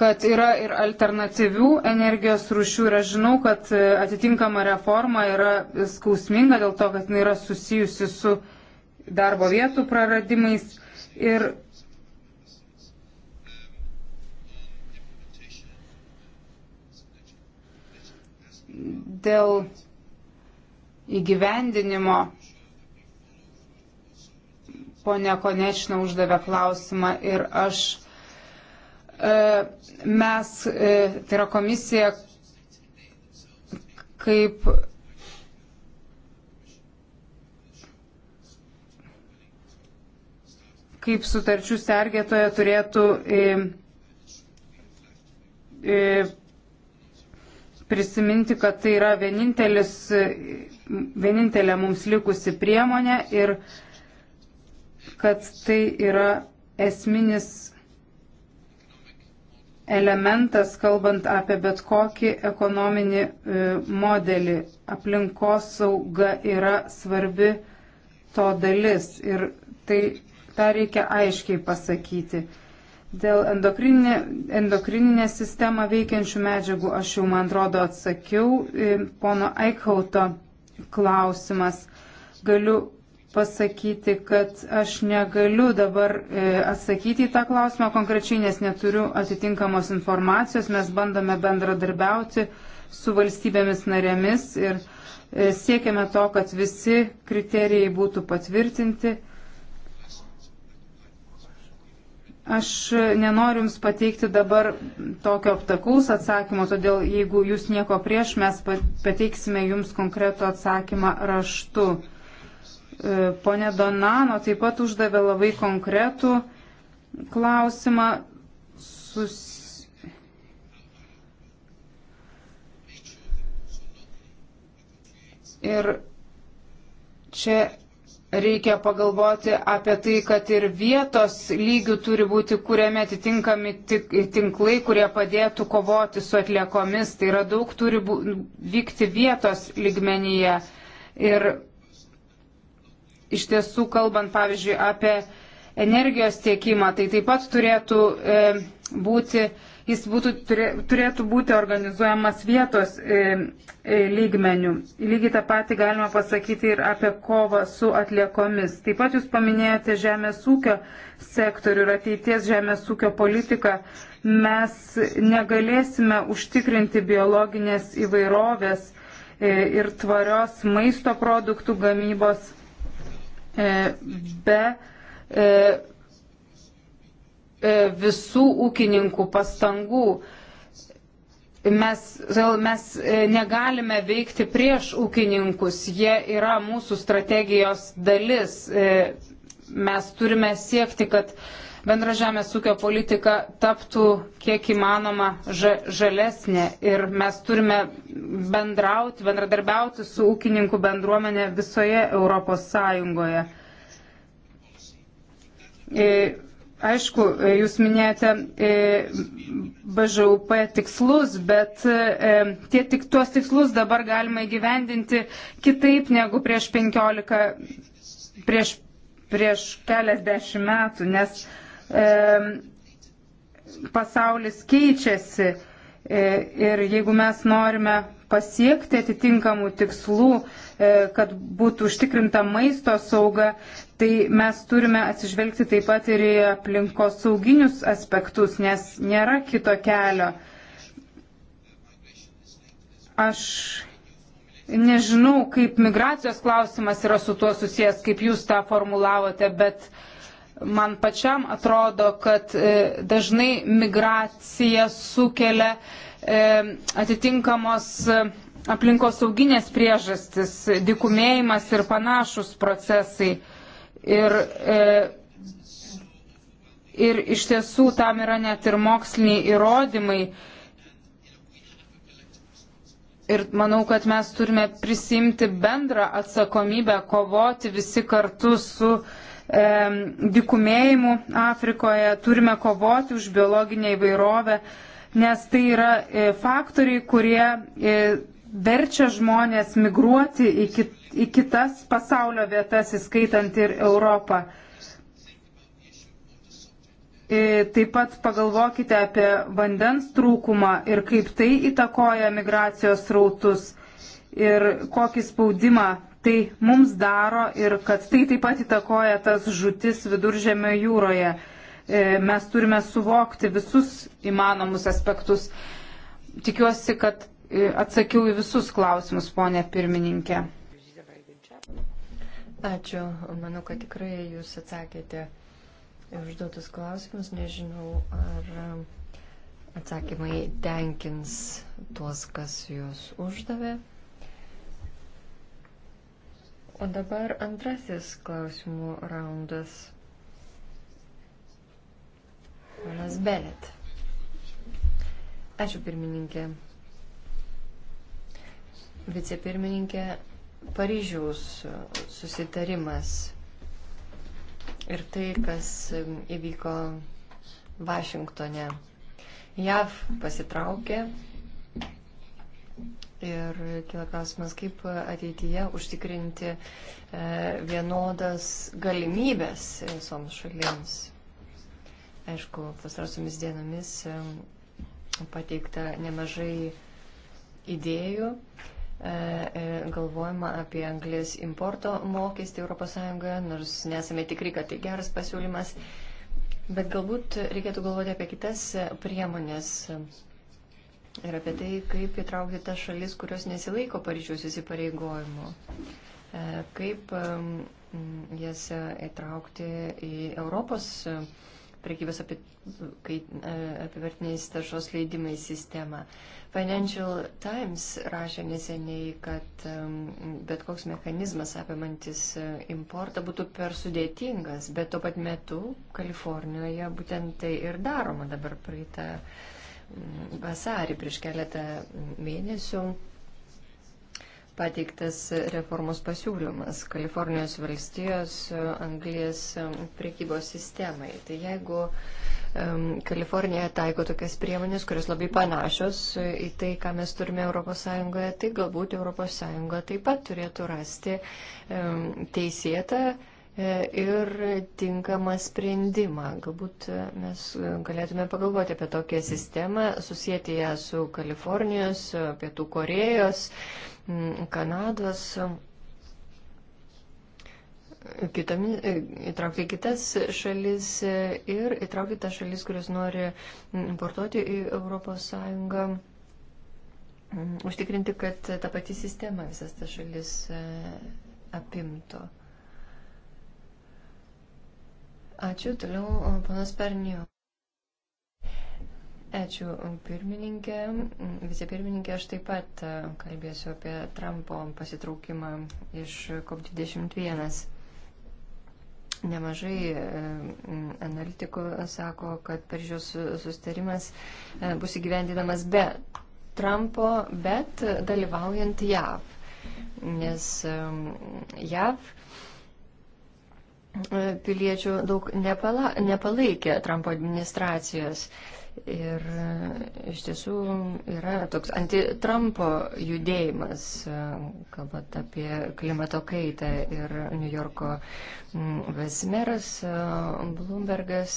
kad yra ir alternatyvių energijos rušių ir aš žinau, kad e, atitinkama reforma yra skausminga dėl to, kad jinai yra susijusi su darbo vietų praradimais ir dėl įgyvendinimo. Pone Konečna uždavė klausimą ir aš, e, mes, e, tai yra komisija, kaip kaip sutarčių sergėtoje turėtų e, e, prisiminti, kad tai yra vienintelė mums likusi priemonė ir kad tai yra esminis elementas, kalbant apie bet kokį ekonominį e, modelį. Aplinkosauga yra svarbi to dalis ir tai tą reikia aiškiai pasakyti. Dėl endokrininę, endokrininę sistemą veikiančių medžiagų aš jau, man atrodo, atsakiau. E, pono Aikauto klausimas. Galiu pasakyti, kad aš negaliu dabar e, atsakyti į tą klausimą konkrečiai, nes neturiu atitinkamos informacijos. Mes bandome bendradarbiauti su valstybėmis narėmis ir e, siekiame to, kad visi kriterijai būtų patvirtinti Aš nenoriu Jums pateikti dabar tokio aptakaus atsakymo, todėl jeigu Jūs nieko prieš, mes pateiksime Jums konkretų atsakymą raštu. E, Pone Donano taip pat uždavė labai konkretų klausimą sus... Ir čia reikia pagalvoti apie tai, kad ir vietos lygių turi būti kuriami atitinkami tinklai, kurie padėtų kovoti su atliekomis. Tai yra daug turi vykti vietos lygmenyje. Ir iš tiesų, kalbant pavyzdžiui apie energijos tiekimą, tai taip pat turėtų e, būti e, jis būtų, turėtų būti organizuojamas vietos e, e, lygmenių. Lygiai tą patį galima pasakyti ir apie kovą su atliekomis. Taip pat jūs paminėjote žemės ūkio sektorių ir ateities žemės ūkio politiką. Mes negalėsime užtikrinti biologinės įvairovės e, ir tvarios maisto produktų gamybos be E, visų ūkininkų pastangų. Mes, mes e, negalime veikti prieš ūkininkus, jie yra mūsų strategijos dalis. E, mes turime siekti, kad bendra žemės ūkio politika taptų kiek įmanoma žalesnė ir mes turime bendrauti, bendradarbiauti su ūkininkų bendruomenė visoje Europos Sąjungoje. E, Aišku, e, jūs minėjote e, BŽUP tikslus, bet e, tie tik tuos tikslus dabar galima įgyvendinti kitaip negu prieš 15, prieš, prieš keliasdešimt metų, nes pasaulis keičiasi ir jeigu mes norime pasiekti atitinkamų tikslų, kad būtų užtikrinta maisto sauga, tai mes turime atsižvelgti taip pat ir į aplinkos sauginius aspektus, nes nėra kito kelio. Aš nežinau, kaip migracijos klausimas yra su tuo susijęs, kaip jūs tą formulavote, bet man pačiam atrodo, kad e, dažnai migracija sukelia e, atitinkamos e, aplinkos sauginės priežastis, dikumėjimas ir panašus procesai. Ir, e, ir iš tiesų tam yra net ir moksliniai įrodymai. Ir manau, kad mes turime prisimti bendrą atsakomybę kovoti visi kartu su e, dikumėjimu Afrikoje, turime kovoti už biologinę įvairovę, nes tai yra e, faktoriai, kurie e, verčia žmonės migruoti į kitą į kitas pasaulio vietas, įskaitant ir Europą. E, taip pat pagalvokite apie vandens trūkumą ir kaip tai įtakoja migracijos rautus ir kokį spaudimą tai mums daro ir kad tai taip pat įtakoja tas žutis viduržėmio jūroje. E, mes turime suvokti visus įmanomus aspektus. Tikiuosi, kad e, atsakiau į visus klausimus, ponė pirmininkė. Ačiū. Manau, kad tikrai jūs atsakėte užduotus klausimus. Nežinau, ar um, atsakymai tenkins tuos, kas juos uždavė. O dabar antrasis klausimų raundas. Ponas Belet. Ačiū pirmininkė. Vicepirmininkė, Paryžiaus susitarimas ir tai, kas įvyko Vašingtone. JAV pasitraukė ir kila klausimas, kaip ateityje užtikrinti e, vienodas galimybės visoms šalims. Aišku, pastarosiomis dienomis e, pateikta nemažai idėjų E, e, galvojama apie anglės importo mokestį ES, nors nesame tikri, kad tai geras pasiūlymas. Bet galbūt reikėtų galvoti apie kitas priemonės ir apie tai, kaip įtraukti tas šalis, kurios nesilaiko Paryžiaus įsipareigojimo. E, kaip jas įtraukti į Europos prekybos e, apivartiniais taršos leidimai sistemą. Financial Times rašė neseniai, kad bet koks mechanizmas apimantis e, importą būtų per sudėtingas, bet tuo pat metu Kalifornijoje būtent tai ir daroma dabar praeitą vasarį prieš keletą mėnesių pateiktas reformos pasiūlymas Kalifornijos valstijos Anglijos priekybos sistemai. Tai jeigu um, Kalifornija taiko tokias priemonės, kurios labai panašios į tai, ką mes turime ES, tai galbūt ES taip pat turėtų rasti um, teisėtą e, ir tinkamą sprendimą. Galbūt e, mes galėtume pagalvoti apie tokią sistemą, susijęti ją su Kalifornijos, e, Pietų Korejos Mm, Kanados, kitami, įtraukti kitas šalis ir įtraukti tas šalis, kurios nori importuoti į ES, mm, užtikrinti, kad ta pati sistema visas tas šalis e, apimtų. Ačiū, toliau panas Pernijo. Ačiū pirmininkė. Vicepirmininkė, aš taip pat e, kalbėsiu apie Trumpo pasitraukimą iš COP21. Nemažai e, analitikų sako, kad Paryžiaus sustarimas e, bus įgyvendinamas be Trumpo, bet dalyvaujant JAV. Nes JAV piliečių daug nepala, nepalaikė Trumpo administracijos. Ir iš tiesų yra toks antitrampo judėjimas, kalbant apie klimato kaitą. Ir New Yorko vesmeras Bloombergas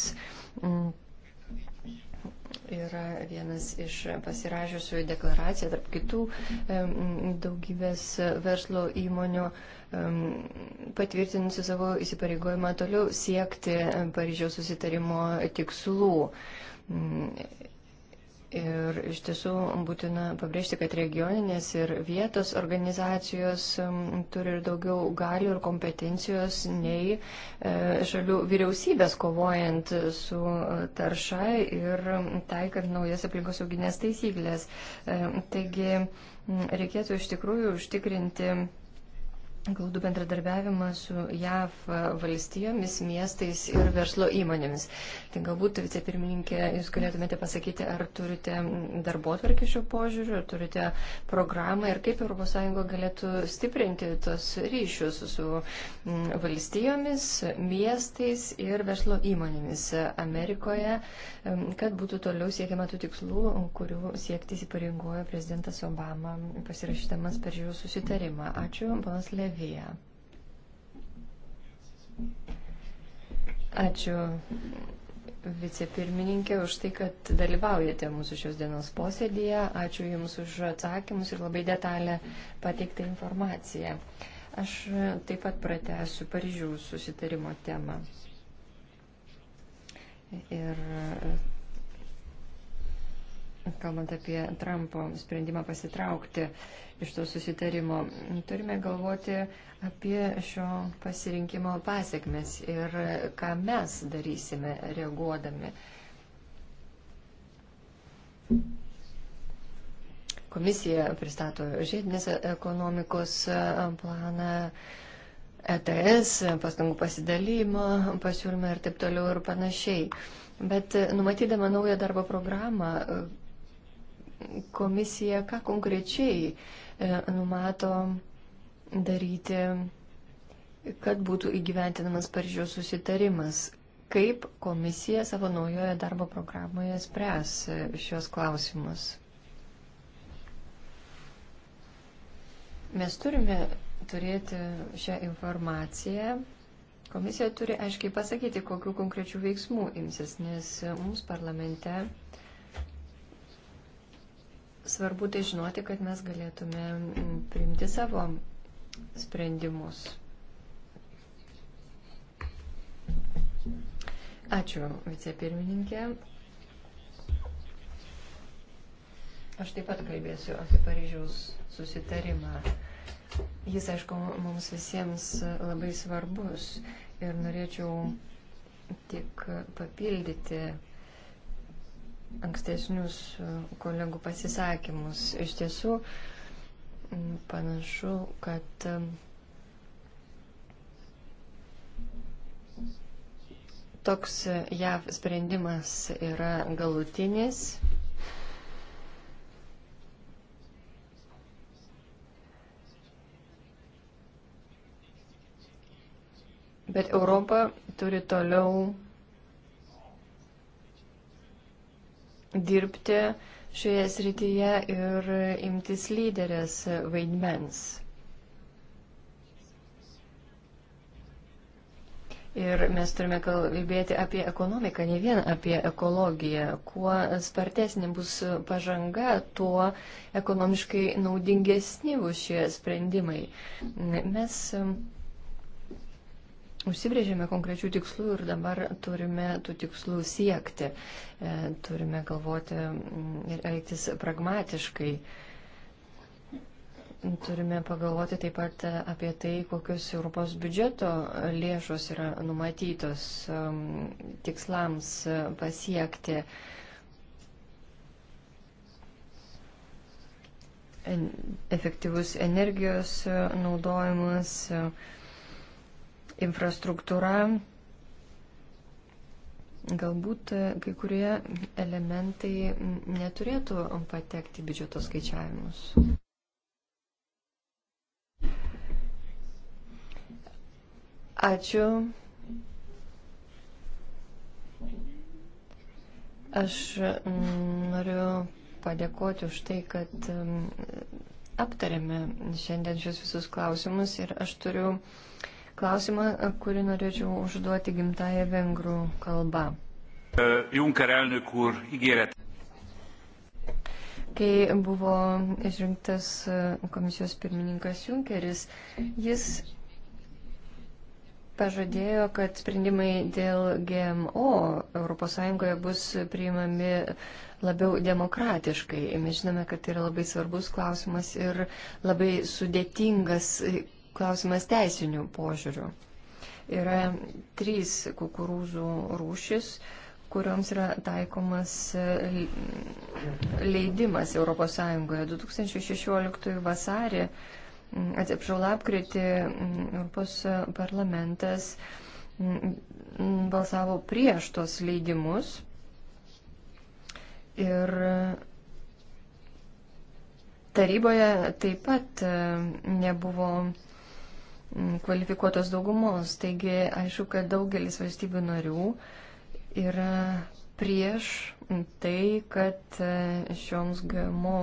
yra vienas iš pasirašiusių deklaraciją tarp kitų daugybės verslo įmonių patvirtinusi savo įsipareigojimą toliau siekti Paryžiaus susitarimo tikslų. Ir iš tiesų būtina pabrėžti, kad regioninės ir vietos organizacijos turi ir daugiau galių ir kompetencijos nei e, šalių vyriausybės kovojant su e, tarša ir taikant naujas aplinkosauginės taisyklės. E, taigi reikėtų iš tikrųjų užtikrinti Gaudų bendradarbiavimą su JAV valstijomis, miestais ir verslo įmonėmis. Tai galbūt, vicepirmininkė, jūs galėtumėte pasakyti, ar turite darbo atvarkį šiuo požiūriu, ar turite programą ir kaip ES galėtų stiprinti tos ryšius su mm, valstijomis, miestais ir verslo įmonėmis Amerikoje, mm, kad būtų toliau siekiama tų tikslų, kurių siekti įsipareigojo prezidentas Obama pasirašydamas per jų susitarimą. Ačiū, panas Levi. Serbiją. Ačiū vicepirmininkė už tai, kad dalyvaujate mūsų šios dienos posėdėje. Ačiū Jums už atsakymus ir labai detalę pateiktą informaciją. Aš taip pat pratęsiu Paryžiaus susitarimo temą. Ir kalbant apie Trumpo sprendimą pasitraukti iš to susitarimo, turime galvoti apie šio pasirinkimo pasiekmes ir ką mes darysime reaguodami. Komisija pristato žiedinės ekonomikos planą. ETS, pastangų pasidalymo, pasiūlymą ir taip toliau ir panašiai. Bet numatydama naują darbo programą, komisija ką konkrečiai e, numato daryti, kad būtų įgyventinamas Paryžiaus susitarimas. Kaip komisija savo naujoje darbo programoje spręs e, šios klausimus? Mes turime turėti šią informaciją Komisija turi aiškiai pasakyti, kokiu konkrečiu veiksmu imsis, nes e, mums parlamente svarbu tai žinoti, kad mes galėtume mm, priimti savo sprendimus. Ačiū, vicepirmininkė. Aš taip pat kalbėsiu apie Paryžiaus susitarimą. Jis, aišku, mums visiems labai svarbus ir norėčiau tik papildyti ankstesnius e, kolegų pasisakymus. Iš tiesų, panašu, kad e, toks e, JAV sprendimas yra galutinis. Bet Europa turi toliau dirbti šioje srityje ir imtis lyderės vaidmens. Ir mes turime kalbėti apie ekonomiką, ne vien apie ekologiją. Kuo spartesnė bus pažanga, tuo ekonomiškai naudingesni bus šie sprendimai. Mes Užsibrėžėme konkrečių tikslų ir dabar turime tų tikslų siekti. E, turime galvoti mm, ir elgtis pragmatiškai. Turime pagalvoti taip pat apie tai, kokios Europos biudžeto lėšos yra numatytos mm, tikslams pasiekti. Efektyvus energijos naudojimas, infrastruktūra. Galbūt e, kai kurie elementai neturėtų patekti biudžeto skaičiavimus. Ačiū. Aš mm, noriu padėkoti už tai, kad mm, aptarėme šiandien šios visus klausimus ir aš turiu uh, klausimą, kurį norėčiau užduoti gimtają vengrų kalbą. E, Junker elnök úr ígéret. Kai buvo išrinktas e, komisijos pirmininkas Junkeris, jis pažadėjo, kad sprendimai dėl GMO ES bus priimami labiau demokratiškai. Mes žinome, kad tai yra labai svarbus klausimas ir labai sudėtingas klausimas teisinių požiūrių. Yra trys kukurūzų rūšis, kurioms yra taikomas leidimas ES. 2016 vasarį, atsiprašau, lapkritį Europos parlamentas balsavo prieš tos leidimus. Ir taryboje taip pat e, nebuvo kvalifikuotos daugumos. Taigi, aišku, kad daugelis valstybių narių yra prieš tai, kad e, šioms GMO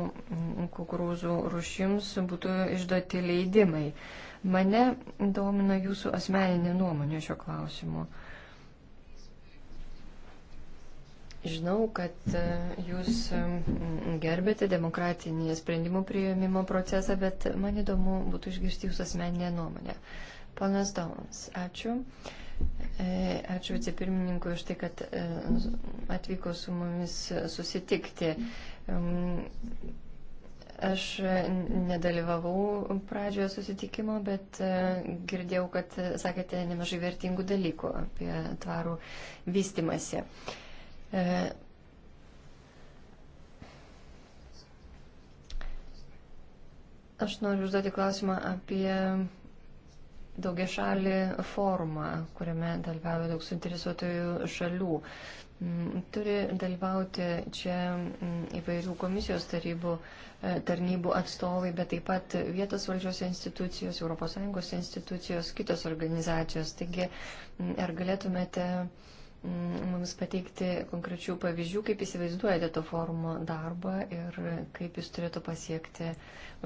kukurūzų rušims būtų išduoti leidimai. Mane domina jūsų asmeninė nuomonė šio klausimu. Žinau, kad e, jūs gerbėte demokratinį sprendimų prieimimo procesą, bet man įdomu būtų išgirsti jūsų asmeninę nuomonę. Panas Domans, ačiū. E, ačiū vicepirmininkui už tai, kad e, atvyko su mumis susitikti. Aš nedalyvavau pradžioje susitikimo, bet girdėjau, kad sakėte nemažai vertingų dalykų apie tvarų vystimąsi. Uh, Aš noriu užduoti klausimą apie daugia šalį forumą, kuriame dalyvauja daug suinteresuotojų šalių. Mm, turi dalyvauti čia mm, įvairių komisijos tarybų, e, tarnybų atstovai, bet taip pat vietos valdžios institucijos, ES institucijos, kitos organizacijos. Taigi, mm, ar galėtumėte uh, mums pateikti konkrečių pavyzdžių, kaip įsivaizduojate to forumo darbą ir kaip jis turėtų pasiekti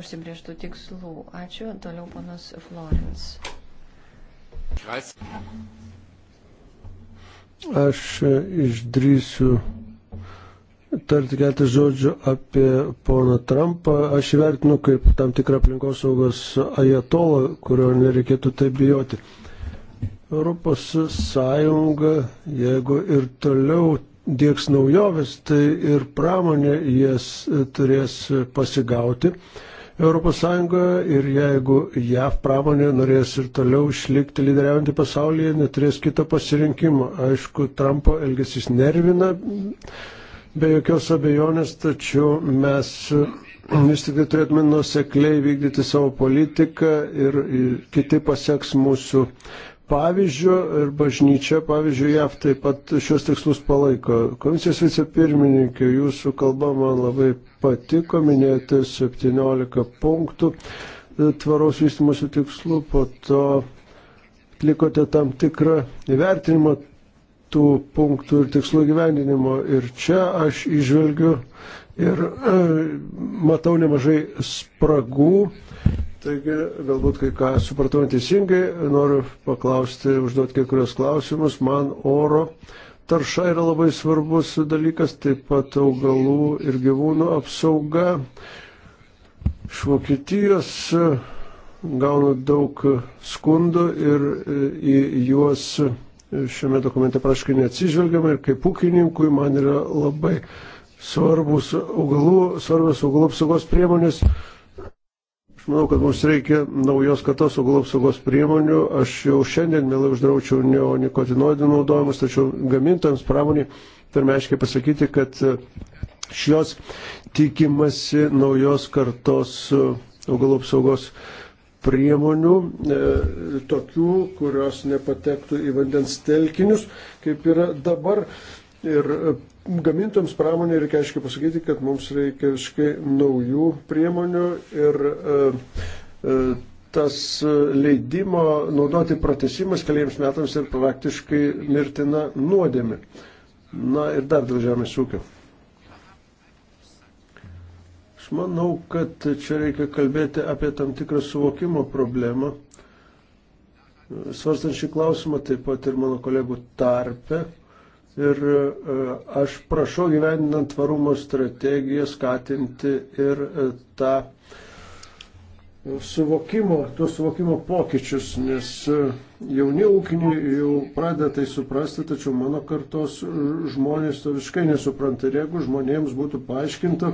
užsibrieštų tikslų. Ačiū. Toliau ponas Florence. Aš išdrysiu tarti keletą žodžių apie poną Trumpą. Aš įvertinu kaip tam tikrą aplinkosaugos ajatolą, kurio nereikėtų taip bijoti. Europos Sąjunga, jeigu ir toliau dėks naujoves, tai ir pramonė jas e, turės pasigauti. Europos Sąjungoje ir jeigu JAV pramonė norės ir toliau išlikti lyderiaujantį pasaulyje, neturės kito pasirinkimo. Aišku, Trumpo elgesys nervina, be jokios abejonės, tačiau mes e, vis tik tai turėtume nusekliai vykdyti savo politiką ir e, kiti pasieks mūsų pavyzdžių ir bažnyčia, pavyzdžiui, JAV taip pat šios tikslus palaiko. Komisijos vicepirmininkė, jūsų kalba man labai patiko, minėjote 17 punktų tvaraus vystimosi tikslų, po to atlikote tam tikrą įvertinimą tų punktų ir tikslų gyvendinimo. Ir čia aš išvelgiu ir e, matau nemažai spragų Taigi, galbūt kai ką supratau teisingai, noriu paklausti, užduoti kai kurios klausimus. Man oro tarša yra labai svarbus dalykas, taip pat augalų ir gyvūnų apsauga. Iš Vokietijos e, gaunu daug skundų ir e, į juos e, šiame dokumente praškai neatsižvelgiama ir kaip ūkininkui man yra labai svarbus augalų, svarbios augalų apsaugos priemonės manau, kad mums reikia naujos katos augalų apsaugos priemonių. Aš jau šiandien mielai uždraučiau neonikotinoidų naudojimus, tačiau gamintams pramonį turime aiškiai pasakyti, kad e, šios tikimasi naujos kartos e, augalų apsaugos priemonių, e, tokių, kurios nepatektų į vandens telkinius, kaip yra dabar. Ir e, gamintojams pramonė reikia aiškiai pasakyti, kad mums reikia visiškai naujų priemonių ir e, e, tas leidimo naudoti pratesimas keliams metams ir praktiškai mirtina nuodėmi. Na ir dar dėl žemės ūkio. Aš manau, kad čia reikia kalbėti apie tam tikrą suvokimo problemą. Svarstant šį klausimą taip pat ir mano kolegų tarpe Ir e, aš prašau gyvendinant tvarumo strategiją skatinti ir e, tą e, suvokimo, tos suvokimo pokyčius, nes jauni ūkiniai jau pradeda tai suprasti, tačiau mano kartos žmonės to visiškai nesupranta. Ir jeigu žmonėms būtų paaiškinta,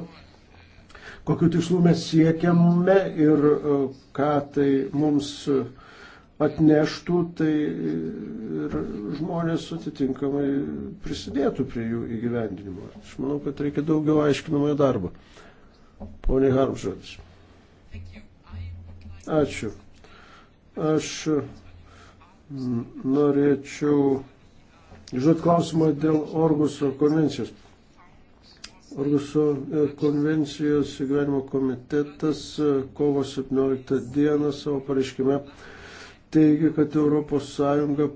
kokiu tikslu mes siekiame ir ką tai mums atneštų, tai ir žmonės atitinkamai prisidėtų prie jų įgyvendinimo. Aš manau, kad reikia daugiau aiškinamojo darbo. Pone Harmžodis. Ačiū. Aš norėčiau žinot klausimą dėl Orguso konvencijos. Orguso e, konvencijos įgyvenimo komitetas e, kovo 17 dieną savo pareiškime teigia, kad ES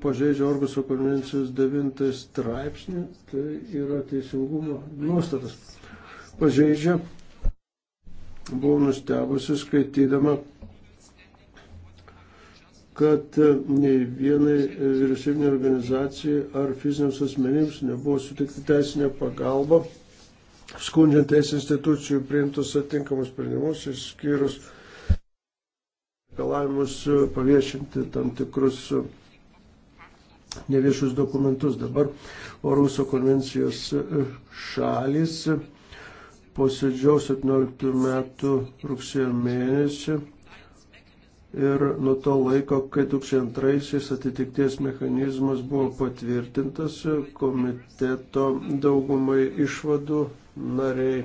pažeidžia Orguso konvencijos 9 straipsnį, tai yra teisingumo nuostatas. Pažeidžia, buvau nustebusi skaitydama, kad nei vienai vyriausybinė organizacijai ar fiziniams asmenims nebuvo sutikti teisinė pagalba, skundžiant teisės institucijų priimtus atinkamus sprendimus, išskyrus reikalavimus e, paviešinti tam tikrus e, neviešus dokumentus. Dabar Oruso konvencijos e, šalis posėdžio 17 metų rugsėjo mėnesį ir nuo to laiko, kai 2002-aisiais atitikties mechanizmas buvo patvirtintas, komiteto daugumai išvadų nariai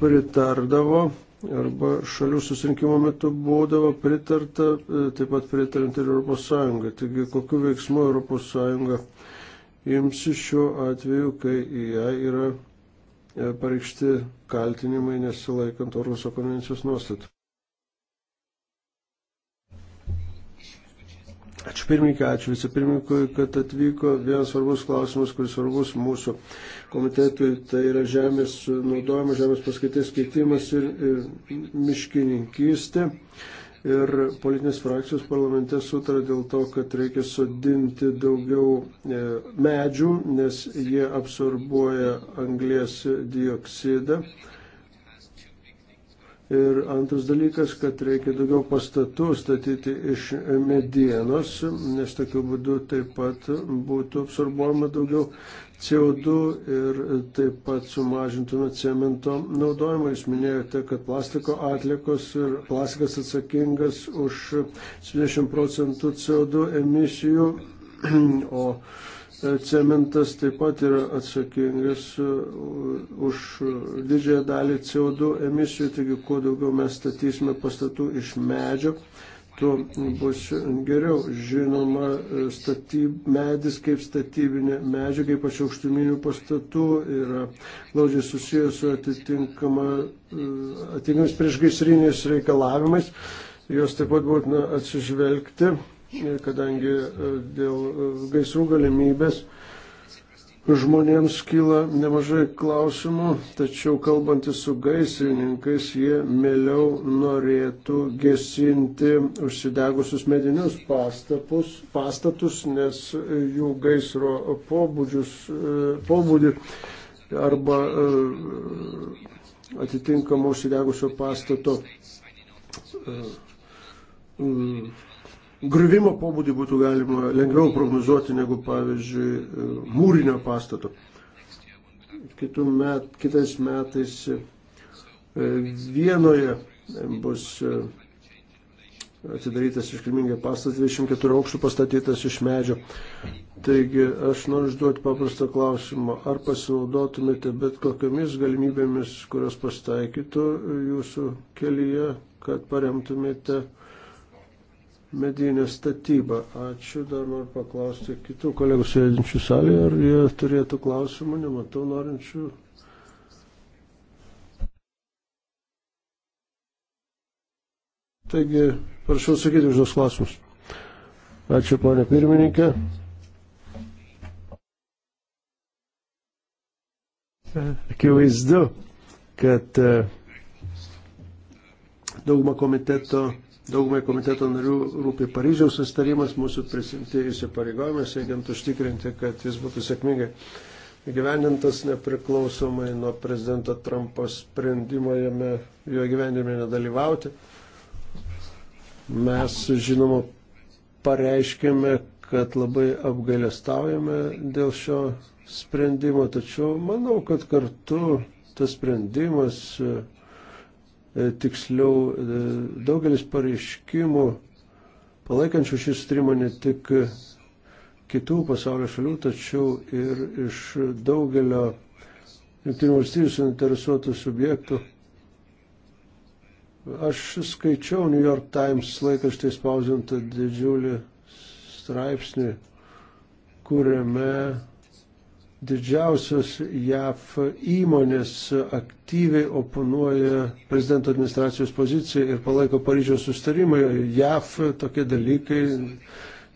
pritardavo arba šalių susirinkimo metu būdavo pritarta, e, taip pat pritarint ir Europos Sąjunga. Taigi, kokiu veiksmu Europos Sąjunga imsi šiuo atveju, kai į ją yra e, pareikšti kaltinimai nesilaikant Orhuso konvencijos nuostatų. Ačiū pirmininkai, ačiū vicepirmininkui, kad atvyko. Vienas svarbus klausimas, kuris svarbus mūsų komitetui, tai yra žemės naudojimas, žemės paskaitės keitimas ir, ir miškininkystė. Ir politinės frakcijos parlamente sutarė dėl to, kad reikia sodinti daugiau e, medžių, nes jie absorbuoja anglės dioksidą. Ir antras dalykas, kad reikia daugiau pastatų statyti iš medienos, nes tokiu būdu taip pat būtų absorbuojama daugiau CO2 ir taip pat sumažintume cemento naudojimą. Jūs minėjote, kad plastiko atlikos ir plastikas atsakingas už 20 procentų CO2 emisijų, *clears throat* o E, cementas taip pat yra atsakingas e, už didžiąją dalį CO2 emisijų, taigi kuo daugiau mes statysime pastatų iš medžio, tuo bus geriau. Žinoma, e, statyb, medis kaip statybinė medžia, kaip aš aukštuminių pastatų yra glaudžiai susijęs su atitinkamais priešgaisriniais reikalavimais. Jos taip pat būtina atsižvelgti kadangi e, dėl e, gaisrų galimybės žmonėms kyla nemažai klausimų, tačiau kalbantys su gaisrininkais, jie mėliau norėtų gesinti užsidegusius medinius pastatus, pastatus nes jų gaisro pobūdžius, e, pobūdį arba atitinkamo užsidegusio pastato grįvimo pobūdį būtų galima lengviau prognozuoti negu, pavyzdžiui, mūrinio pastato. Kitų met, kitais metais e, Vienoje bus e, atidarytas iškilmingai pastatas, 24 aukštų pastatytas iš medžio. Taigi aš noriu užduoti paprastą klausimą, ar pasinaudotumėte bet kokiamis galimybėmis, kurios pastaikytų jūsų kelyje, kad paremtumėte uh, medinė statyba. Ačiū, dar noriu paklausti kitų kolegų sėdinčių salėje, ar jie turėtų klausimų, nematau norinčių. Taigi, prašau sakyti už tos klausimus. Ačiū, ponė pirmininkė. Akivaizdu, kad e, dauguma komiteto Daugumai komiteto narių rūpi Paryžiaus sustarimas, mūsų prisimti įsipareigojimai, siekiant užtikrinti, kad jis būtų sėkmingai gyvendintas nepriklausomai nuo prezidento Trumpo sprendimo jame, jo gyvenime nedalyvauti. Mes, žinoma, pareiškėme, kad labai apgailestaujame dėl šio sprendimo, tačiau manau, kad kartu tas sprendimas E, tiksliau e, daugelis pareiškimų palaikančių šį sustrimą ne tik kitų pasaulio šalių, tačiau ir iš daugelio Junktinių valstybių suinteresuotų subjektų. Aš skaičiau New York Times laikraštį spausdintą didžiulį straipsnį, kuriame didžiausios JAF įmonės aktyviai oponuoja prezidento administracijos pozicijai ir palaiko Paryžiaus sustarimą. JAF tokie dalykai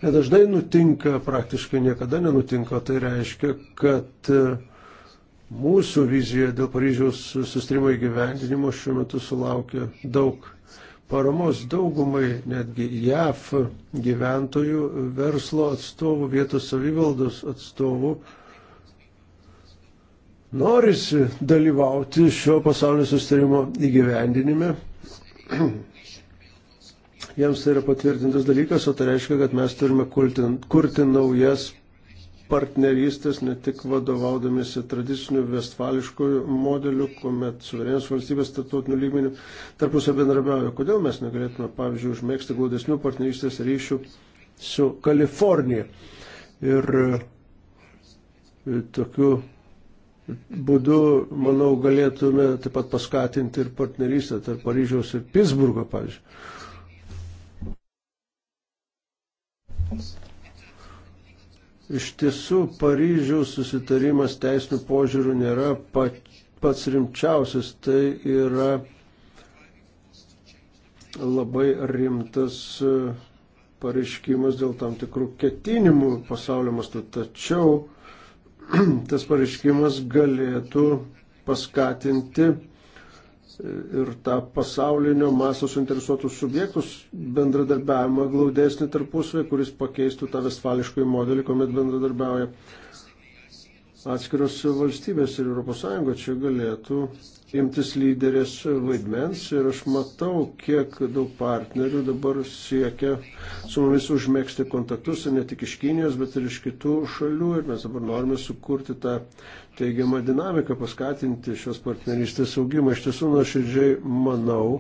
nedažnai nutinka, praktiškai niekada nenutinka. Tai reiškia, kad mūsų vizija dėl Paryžiaus sustarimo įgyvendinimo šiuo metu sulaukia daug paramos daugumai netgi JAF gyventojų, verslo atstovų, vietos savivaldos atstovų norisi dalyvauti šio pasaulio sustarimo įgyvendinime. Jiems tai yra patvirtintas dalykas, o tai reiškia, kad mes turime kurti, kurti naujas partnerystės, ne tik vadovaudomėsi tradiciniu vestfališkoju modeliu, kuomet suverenės valstybės tarptautinių lygmenių tarpusio bendrabiauja. Kodėl mes negalėtume, pavyzdžiui, užmėgsti glaudesnių partnerystės ryšių su Kalifornija? Ir e, tokiu būdu, manau, galėtume taip pat paskatinti ir partnerystę tarp Paryžiaus ir Pittsburgo, pavyzdžiui. Iš tiesų, Paryžiaus susitarimas teisinių požiūrių nėra pats rimčiausias, tai yra labai rimtas e, pareiškimas dėl tam tikrų ketinimų pasaulio mastu. Tačiau *clears throat* tas pareiškimas galėtų paskatinti ir tą pasaulinio maso suinteresuotus subjektus bendradarbiavimą glaudesnį tarpusavį, kuris pakeistų tą vestfališkąjį modelį, kuomet bendradarbiauja atskiros valstybės ir ES čia galėtų imtis lyderės vaidmens ir aš matau, kiek daug partnerių dabar siekia su mumis užmėgsti kontaktus ir ne tik iš Kinijos, bet ir iš kitų šalių ir mes dabar norime sukurti tą teigiamą dinamiką, paskatinti šios partnerystės augimą. Iš tiesų nuoširdžiai manau,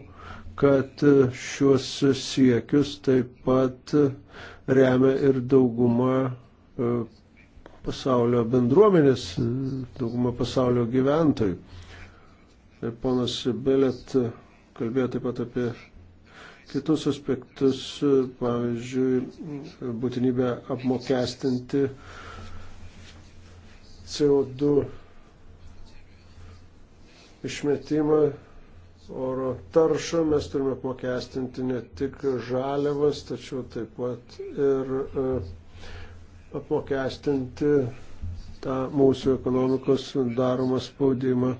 kad šiuos siekius taip pat remia ir dauguma e, pasaulio bendruomenės, dauguma pasaulio gyventojų. Ir ponas Belet kalbėjo taip pat apie kitus aspektus, pavyzdžiui, būtinybę apmokestinti CO2 išmetimą oro taršą mes turime apmokestinti ne tik žaliavas, tačiau taip pat ir uh, apmokestinti tą mūsų ekonomikos daromą spaudimą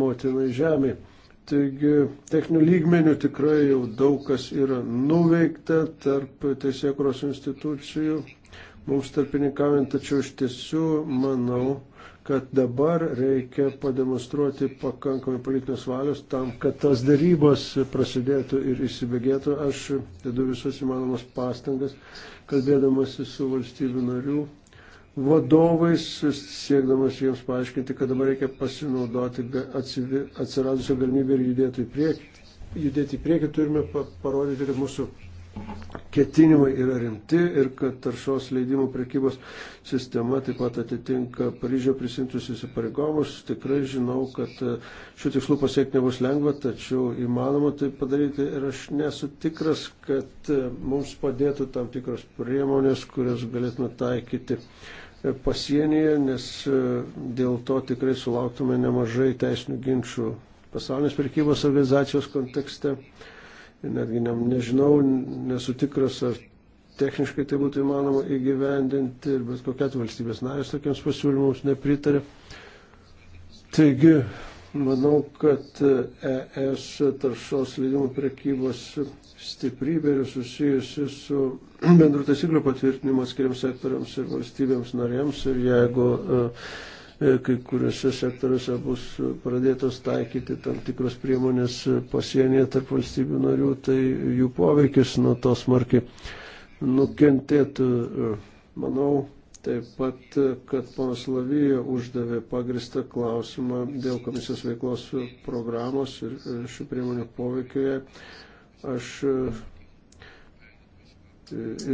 motinai žemė. Taigi techninių lygmenių tikrai jau daug kas yra nuveikta tarp teisėkros institucijų, mums tarpininkaujant, tačiau iš tiesų manau, kad dabar reikia pademonstruoti pakankamai politinės valios tam, kad tas darybos prasidėtų ir įsibėgėtų. Aš dedu visas įmanomas pastangas kalbėdamasi su valstybių narių vadovais, siekdamas jiems paaiškinti, kad dabar reikia pasinaudoti atsiradusią galimybę ir judėti į priekį. Judėti į priekį turime parodyti, kad mūsų ketinimai yra rimti ir kad taršos leidimų prekybos sistema taip pat atitinka Paryžio prisimtus įsipareigomus. Tikrai žinau, kad e, šių tikslų pasiekti nebus lengva, tačiau įmanoma tai padaryti ir aš nesu tikras, kad e, mums padėtų tam tikros priemonės, kurias galėtume taikyti e, pasienyje, nes dėl to tikrai sulauktume nemažai teisinių ginčių pasaulinės prekybos organizacijos kontekste netgi ne, nežinau, nesu tikras, ar techniškai tai būtų įmanoma įgyvendinti ir bet kokia valstybės narės tokiems pasiūlymams nepritarė. Taigi, manau, kad e, ES taršos leidimų prekybos stiprybė yra susijusi su *clears throat* bendrų taisyklių patvirtinimu atskiriams sektoriams ir valstybėms narėms ir jeigu uh, E, kai kuriuose sektoriuose bus pradėtos taikyti tam tikros priemonės pasienyje tarp valstybių narių, tai jų poveikis nuo to smarkiai nukentėtų. E, manau, taip pat, kad ponas Lavijo uždavė pagristą klausimą dėl komisijos veiklos programos ir e, šių priemonių poveikioje. Aš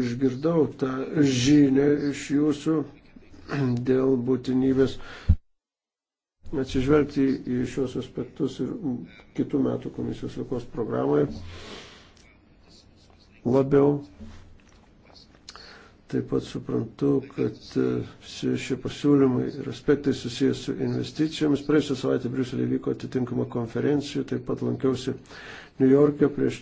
išgirdau tą žinę iš jūsų *clears throat* dėl būtinybės atsižvelgti į šios aspektus ir kitų metų komisijos veiklos programoje labiau. Taip pat suprantu, kad e, visi šie pasiūlymai ir aspektai susijęs su investicijomis. Praėjusią savaitę Briuselėje vyko atitinkama konferencija, taip pat lankiausi New York'e prieš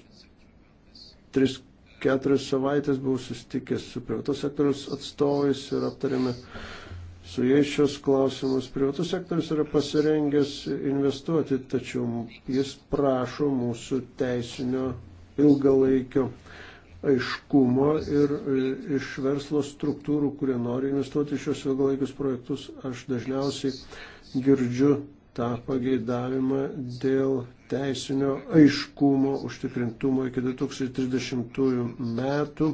tris keturias savaitės buvau susitikęs su privatos sektoriaus atstovais ir aptarėme su jais šios klausimus. Privatus sektorius yra pasirengęs investuoti, tačiau jis prašo mūsų teisinio ilgalaikio aiškumo ir e, iš verslo struktūrų, kurie nori investuoti šios ilgalaikius projektus, aš dažniausiai girdžiu tą pageidavimą dėl teisinio aiškumo, užtikrintumo iki 2030 metų.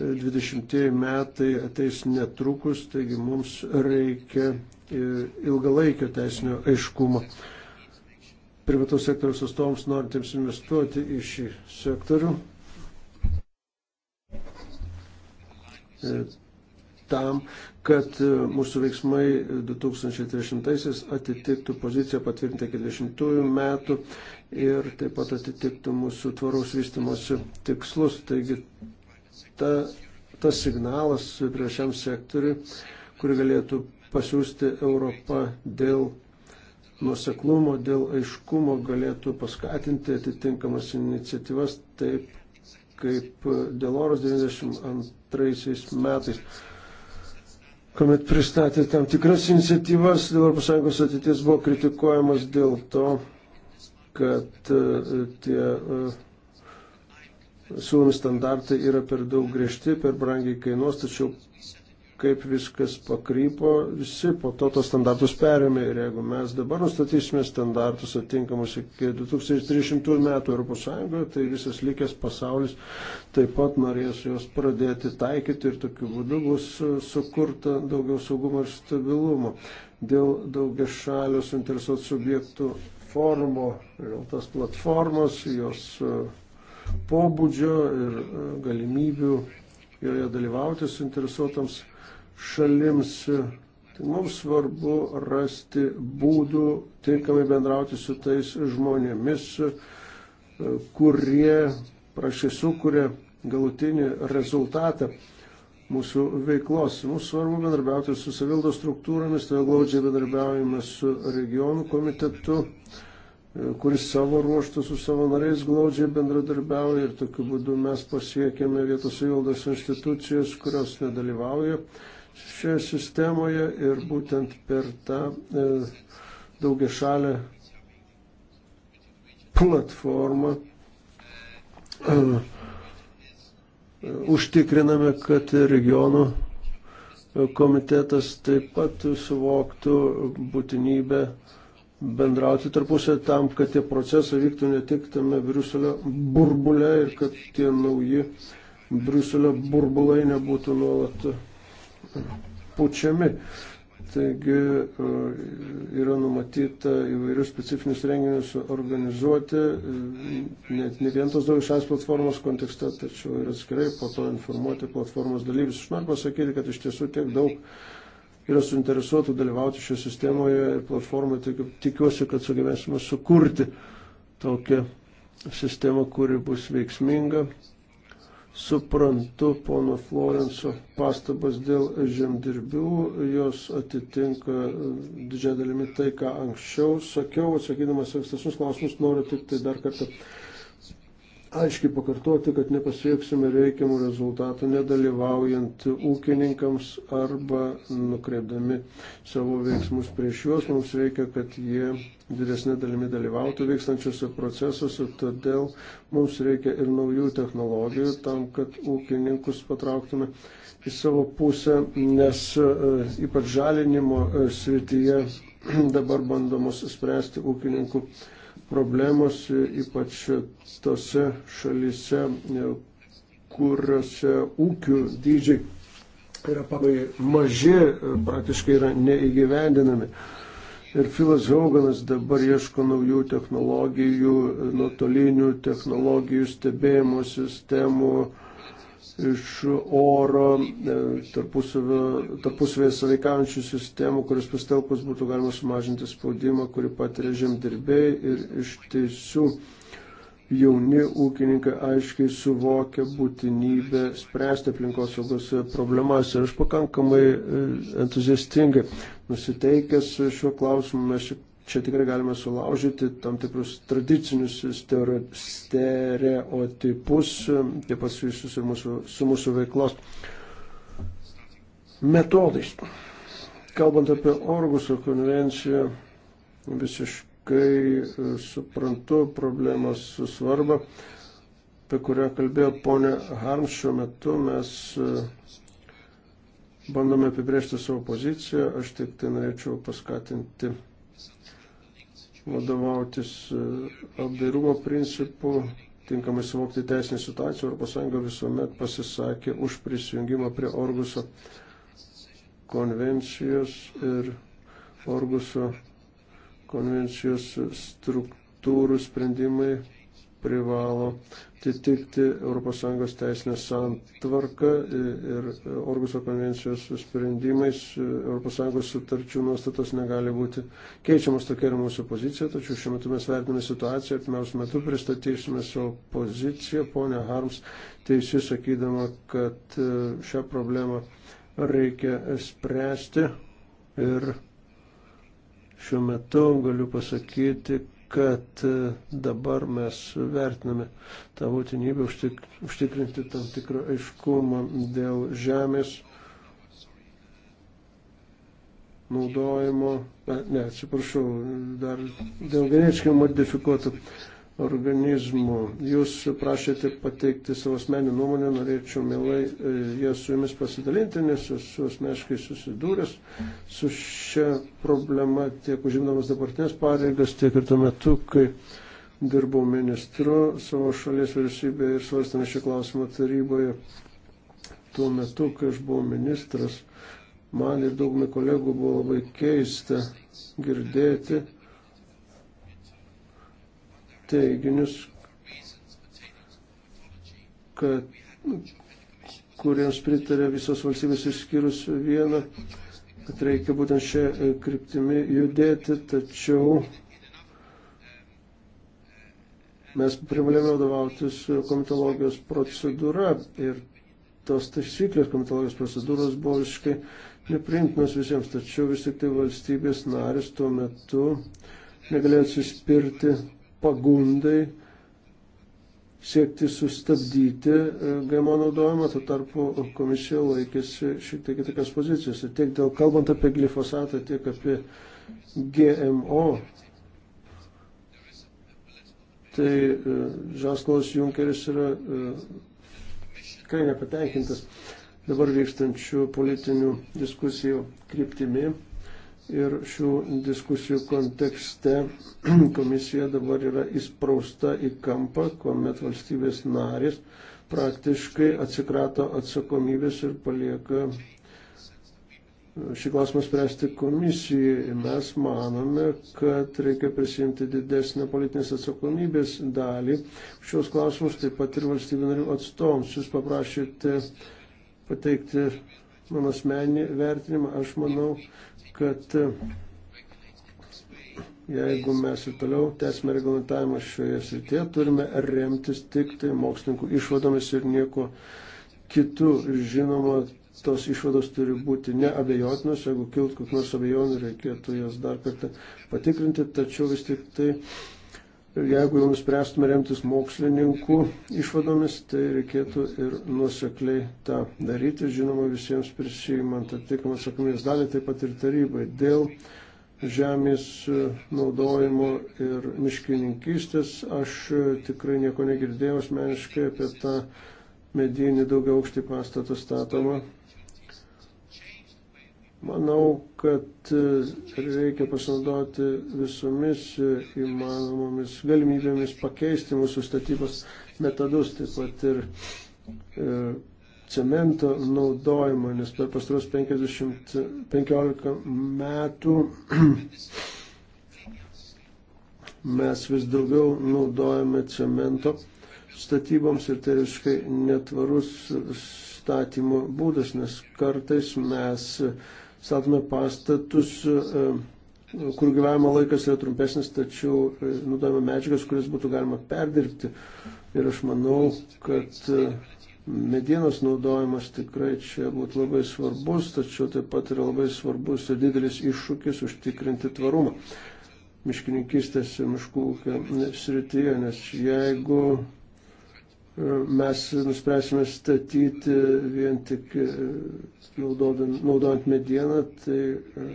20 e, metai ateis netrukus, taigi mums reikia e, ilgalaikio teisinio aiškumo. Privataus sektoriaus atstovams norintiems investuoti į šį sektorių e, tam, kad e, mūsų veiksmai 2030-aisiais atitiktų poziciją patvirtintą 40-ųjų metų ir taip pat atitiktų mūsų tvaraus vystimosi tikslus. Taigi ta, tas signalas prieš šiam sektoriui, kurį galėtų pasiūsti Europą dėl nuseklumo, dėl aiškumo, galėtų paskatinti atitinkamas iniciatyvas taip kaip Deloras 92 metais kuomet pristatė tam tikras iniciatyvas dėl ES ateities, buvo kritikuojamas dėl to, kad e, tie e, siūlomi standartai yra per daug griežti, per brangiai kainuos, tačiau kaip viskas pakrypo, visi po to tos standartus perėmė ir jeigu mes dabar nustatysime standartus atinkamus iki 2300 metų ES, tai visas likęs pasaulis taip pat norės juos pradėti taikyti ir tokiu būdu bus sukurta daugiau saugumo ir stabilumo. Dėl daugia šalių suinteresuotų subjektų forumo, dėl tas platformos, jos e, pobūdžio ir e, galimybių joje dalyvauti suinteresuotams šalims. Tai mums svarbu rasti būdų tinkamai bendrauti su tais žmonėmis, kurie prašė sukūrė galutinį rezultatą mūsų veiklos. Mums svarbu bendarbiauti su savildos struktūromis, tai glaudžiai bendarbiaujame su regionų komitetu kuris savo ruoštų su savo nariais glaudžiai bendradarbiauja ir tokiu būdu mes pasiekėme vietos savivaldos institucijas, kurios nedalyvauja šioje sistemoje ir būtent per tą e, daugia šalę platformą e, užtikriname, kad regionų e, komitetas taip pat suvoktų būtinybę uh, bendrauti tarpusavį tam, kad tie procesai vyktų ne tik tame Briuselio burbule ir kad tie nauji Briuselio burbulai nebūtų nuolat e, pučiami. Taigi e, yra numatyta įvairius specifinius renginius organizuoti, e, net ne vien tos daugišas platformos kontekste, tačiau ir atskirai po to informuoti platformos dalyvius. Aš noriu pasakyti, kad iš tiesų tiek daug yra suinteresuotų dalyvauti šioje sistemoje ir platformoje. Tikiuosi, kad sugebėsime sukurti tokią sistemą, kuri bus veiksminga. Suprantu pono Florenso pastabas dėl žemdirbių, jos atitinka didžiąją dalimi tai, ką anksčiau sakiau, atsakydamas ankstesnius klausimus, noriu tik tai dar kartą aiškiai pakartoti, kad nepasieksime reikiamų rezultatų, nedalyvaujant ūkininkams arba nukreipdami savo veiksmus prieš juos. Mums reikia, kad jie didesnė dalimi dalyvautų vykstančiuose procesuose, todėl mums reikia ir naujų technologijų tam, kad ūkininkus patrauktume į savo pusę, nes e, ypač žalinimo e, srityje *clears throat* dabar bandomos spręsti ūkininkų problemos, ypač tose šalyse, kuriuose ūkių dydžiai yra pakankamai maži, praktiškai yra neįgyvendinami. Ir Filas Hauganas dabar ieško naujų technologijų, nuotolinių technologijų, stebėjimo sistemų, iš oro e, tarpusavėje sąveikaujančių sistemų, kuris pastelkus būtų galima sumažinti spaudimą, kurį patiria žemdirbėjai ir iš tiesų jauni ūkininkai aiškiai suvokia būtinybę spręsti aplinkosaugos problemas. Ir aš pakankamai e, entuziastingai nusiteikęs šiuo klausimu, mes šiek Čia tikrai galima sulaužyti tam tikrus tradicinius stereotipus, taip pat susijusius ir mūsų, su mūsų veiklos metodais. Kalbant apie Orguso konvenciją, visiškai e, suprantu problemos svarbą, apie kurią kalbėjo ponė Harms šiuo metu. Mes e, bandome apibrėžti savo poziciją, aš tik tai norėčiau paskatinti vadovautis e, apdairumo principu, tinkamai suvokti teisinį situaciją, ES visuomet pasisakė už prisijungimą prie Orguso konvencijos ir Orguso konvencijos struktūrų sprendimai privalo atitikti ES teisinę santvarką ir Orguso konvencijos sprendimais ES sutarčių nuostatos negali būti keičiamas. Tokia yra mūsų pozicija, tačiau šiuo metu mes vertiname situaciją, pirmiausia metu pristatysime savo poziciją, ponia Harms teisi sakydama, kad e, šią problemą reikia spręsti ir šiuo metu galiu pasakyti, kad e, dabar mes vertiname tą būtinybę užtikrinti tam tikrą aiškumą dėl žemės naudojimo, e, ne, atsiprašau, dar dėl genetiškai modifikuotų organizmų. Jūs prašėte pateikti savo asmenį nuomonę, norėčiau mielai e, ją su jumis pasidalinti, nes esu asmeniškai susidūręs su šia problema tiek užimdamas dabartinės pareigas, tiek ir tuo metu, kai dirbau ministru savo šalies vyriausybėje ir svarstame šį klausimą taryboje. Tuo metu, kai aš buvau ministras, man ir daugumai kolegų buvo labai keista girdėti teiginius, kad, kuriems pritarė visos valstybės išskyrus vieną, kad reikia būtent šią e, kryptimį judėti, tačiau mes privalėjome vadovautis komitologijos procedūra ir tos taisyklės komitologijos procedūros buvo visiškai nepriimtinos visiems, tačiau vis tik tai valstybės narės tuo metu negalėjo atsispirti pagundai siekti sustabdyti e, GMO naudojimą, tuo tarpu komisija laikėsi šiek tiek kitokios pozicijos. Ir tiek dėl, kalbant apie glifosatą, tiek apie GMO, tai e, Žasklas Junkeris yra e, tikrai nepatenkintas dabar vykstančių politinių diskusijų kryptimi Ir šių diskusijų kontekste *clears throat* komisija dabar yra įsprausta į kampą, kuomet valstybės narės praktiškai atsikrato atsakomybės ir palieka šį klausimą spręsti komisijai. Mes manome, kad reikia prisimti didesnę politinės atsakomybės dalį. Šios klausimus taip pat ir valstybių narių atstovams. Jūs paprašėte pateikti mano asmenį vertinimą. Aš manau, kad e, jeigu mes ir toliau tęsime reglamentavimą šioje srityje, turime remtis tik tai mokslininkų išvadomis ir nieko kitų. Žinoma, tos išvados turi būti neabejotinos, jeigu kilt kokios abejonių, reikėtų jas dar kartą patikrinti, tačiau vis tik tai Jeigu jau nuspręstume remtis mokslininkų išvadomis, tai reikėtų ir nusekliai tą daryti, žinoma, visiems prisijimant atitinkamą atsakomybės dalį, taip pat ir tarybai. Dėl žemės naudojimo ir miškininkystės aš tikrai nieko negirdėjau asmeniškai apie tą medinį daugiau aukštį pastatą statomą Manau, kad e, reikia pasinaudoti visomis e, įmanomomis galimybėmis pakeisti mūsų statybos metodus, taip pat ir e, cemento naudojimą, nes per pastarus 15 metų *clears throat* mes vis daugiau naudojame cemento statyboms ir tai visiškai netvarus statymo būdas, nes kartais mes uh, statome pastatus, e, kur gyvenimo laikas yra trumpesnis, tačiau e, naudojame medžiagas, kurias būtų galima perdirbti. Ir aš manau, kad e, medienos naudojimas tikrai čia būtų labai svarbus, tačiau taip pat yra labai svarbus ir didelis iššūkis užtikrinti tvarumą miškininkistės ir miškų ūkio srityje, nes jeigu mes nuspręsime statyti vien tik e, naudojant medieną, tai e,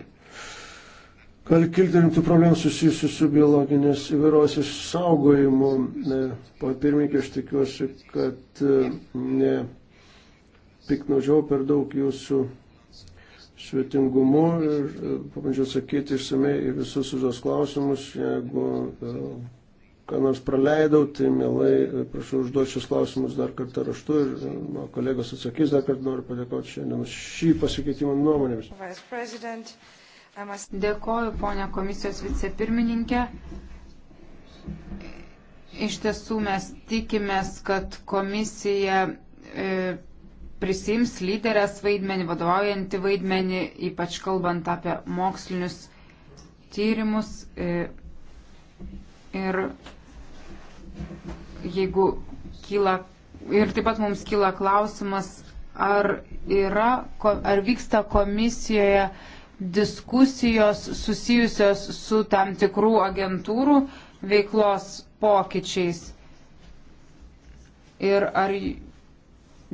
gali kilti rimtų problemų susijusių su biologinės įvairos išsaugojimu. E, po pirmininkė, aš tikiuosi, kad ne piknaudžiau per daug jūsų svetingumu ir pabandžiau atsakyti išsamei į visus užduos klausimus, jeigu ką nors praleidau, tai mielai e, prašau užduoti šios klausimus dar kartą raštu ir e, mano kolegos atsakys dar kartą noriu padėkoti šiandien už šį pasikeitimą nuomonėmis. Dėkoju, ponia komisijos vicepirmininkė. Iš tiesų mes tikimės, kad komisija e, prisims lyderės vaidmenį, vadovaujantį vaidmenį, ypač kalbant apie mokslinius tyrimus. E, ir jeigu kyla ir taip pat mums kyla klausimas, ar, yra, ar vyksta komisijoje diskusijos susijusios su tam tikrų agentūrų veiklos pokyčiais. Ir ar,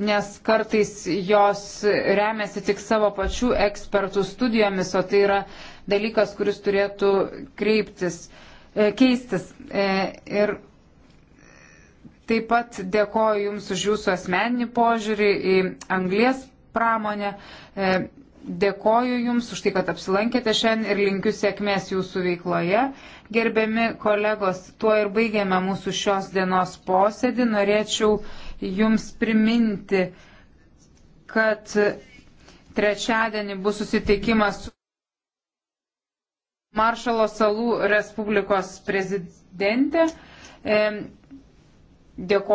nes kartais jos remiasi tik savo pačių ekspertų studijomis, o tai yra dalykas, kuris turėtų kreiptis, e, keistis. E, ir Taip pat dėkoju Jums už Jūsų asmeninį požiūrį į anglės pramonę. E, dėkoju Jums už tai, kad apsilankėte šiandien ir linkiu sėkmės Jūsų veikloje. Gerbiami kolegos, tuo ir baigėme mūsų šios dienos posėdį. Norėčiau Jums priminti, kad trečiadienį bus susitikimas su Maršalo salų Respublikos prezidentė. E, Dėkoju.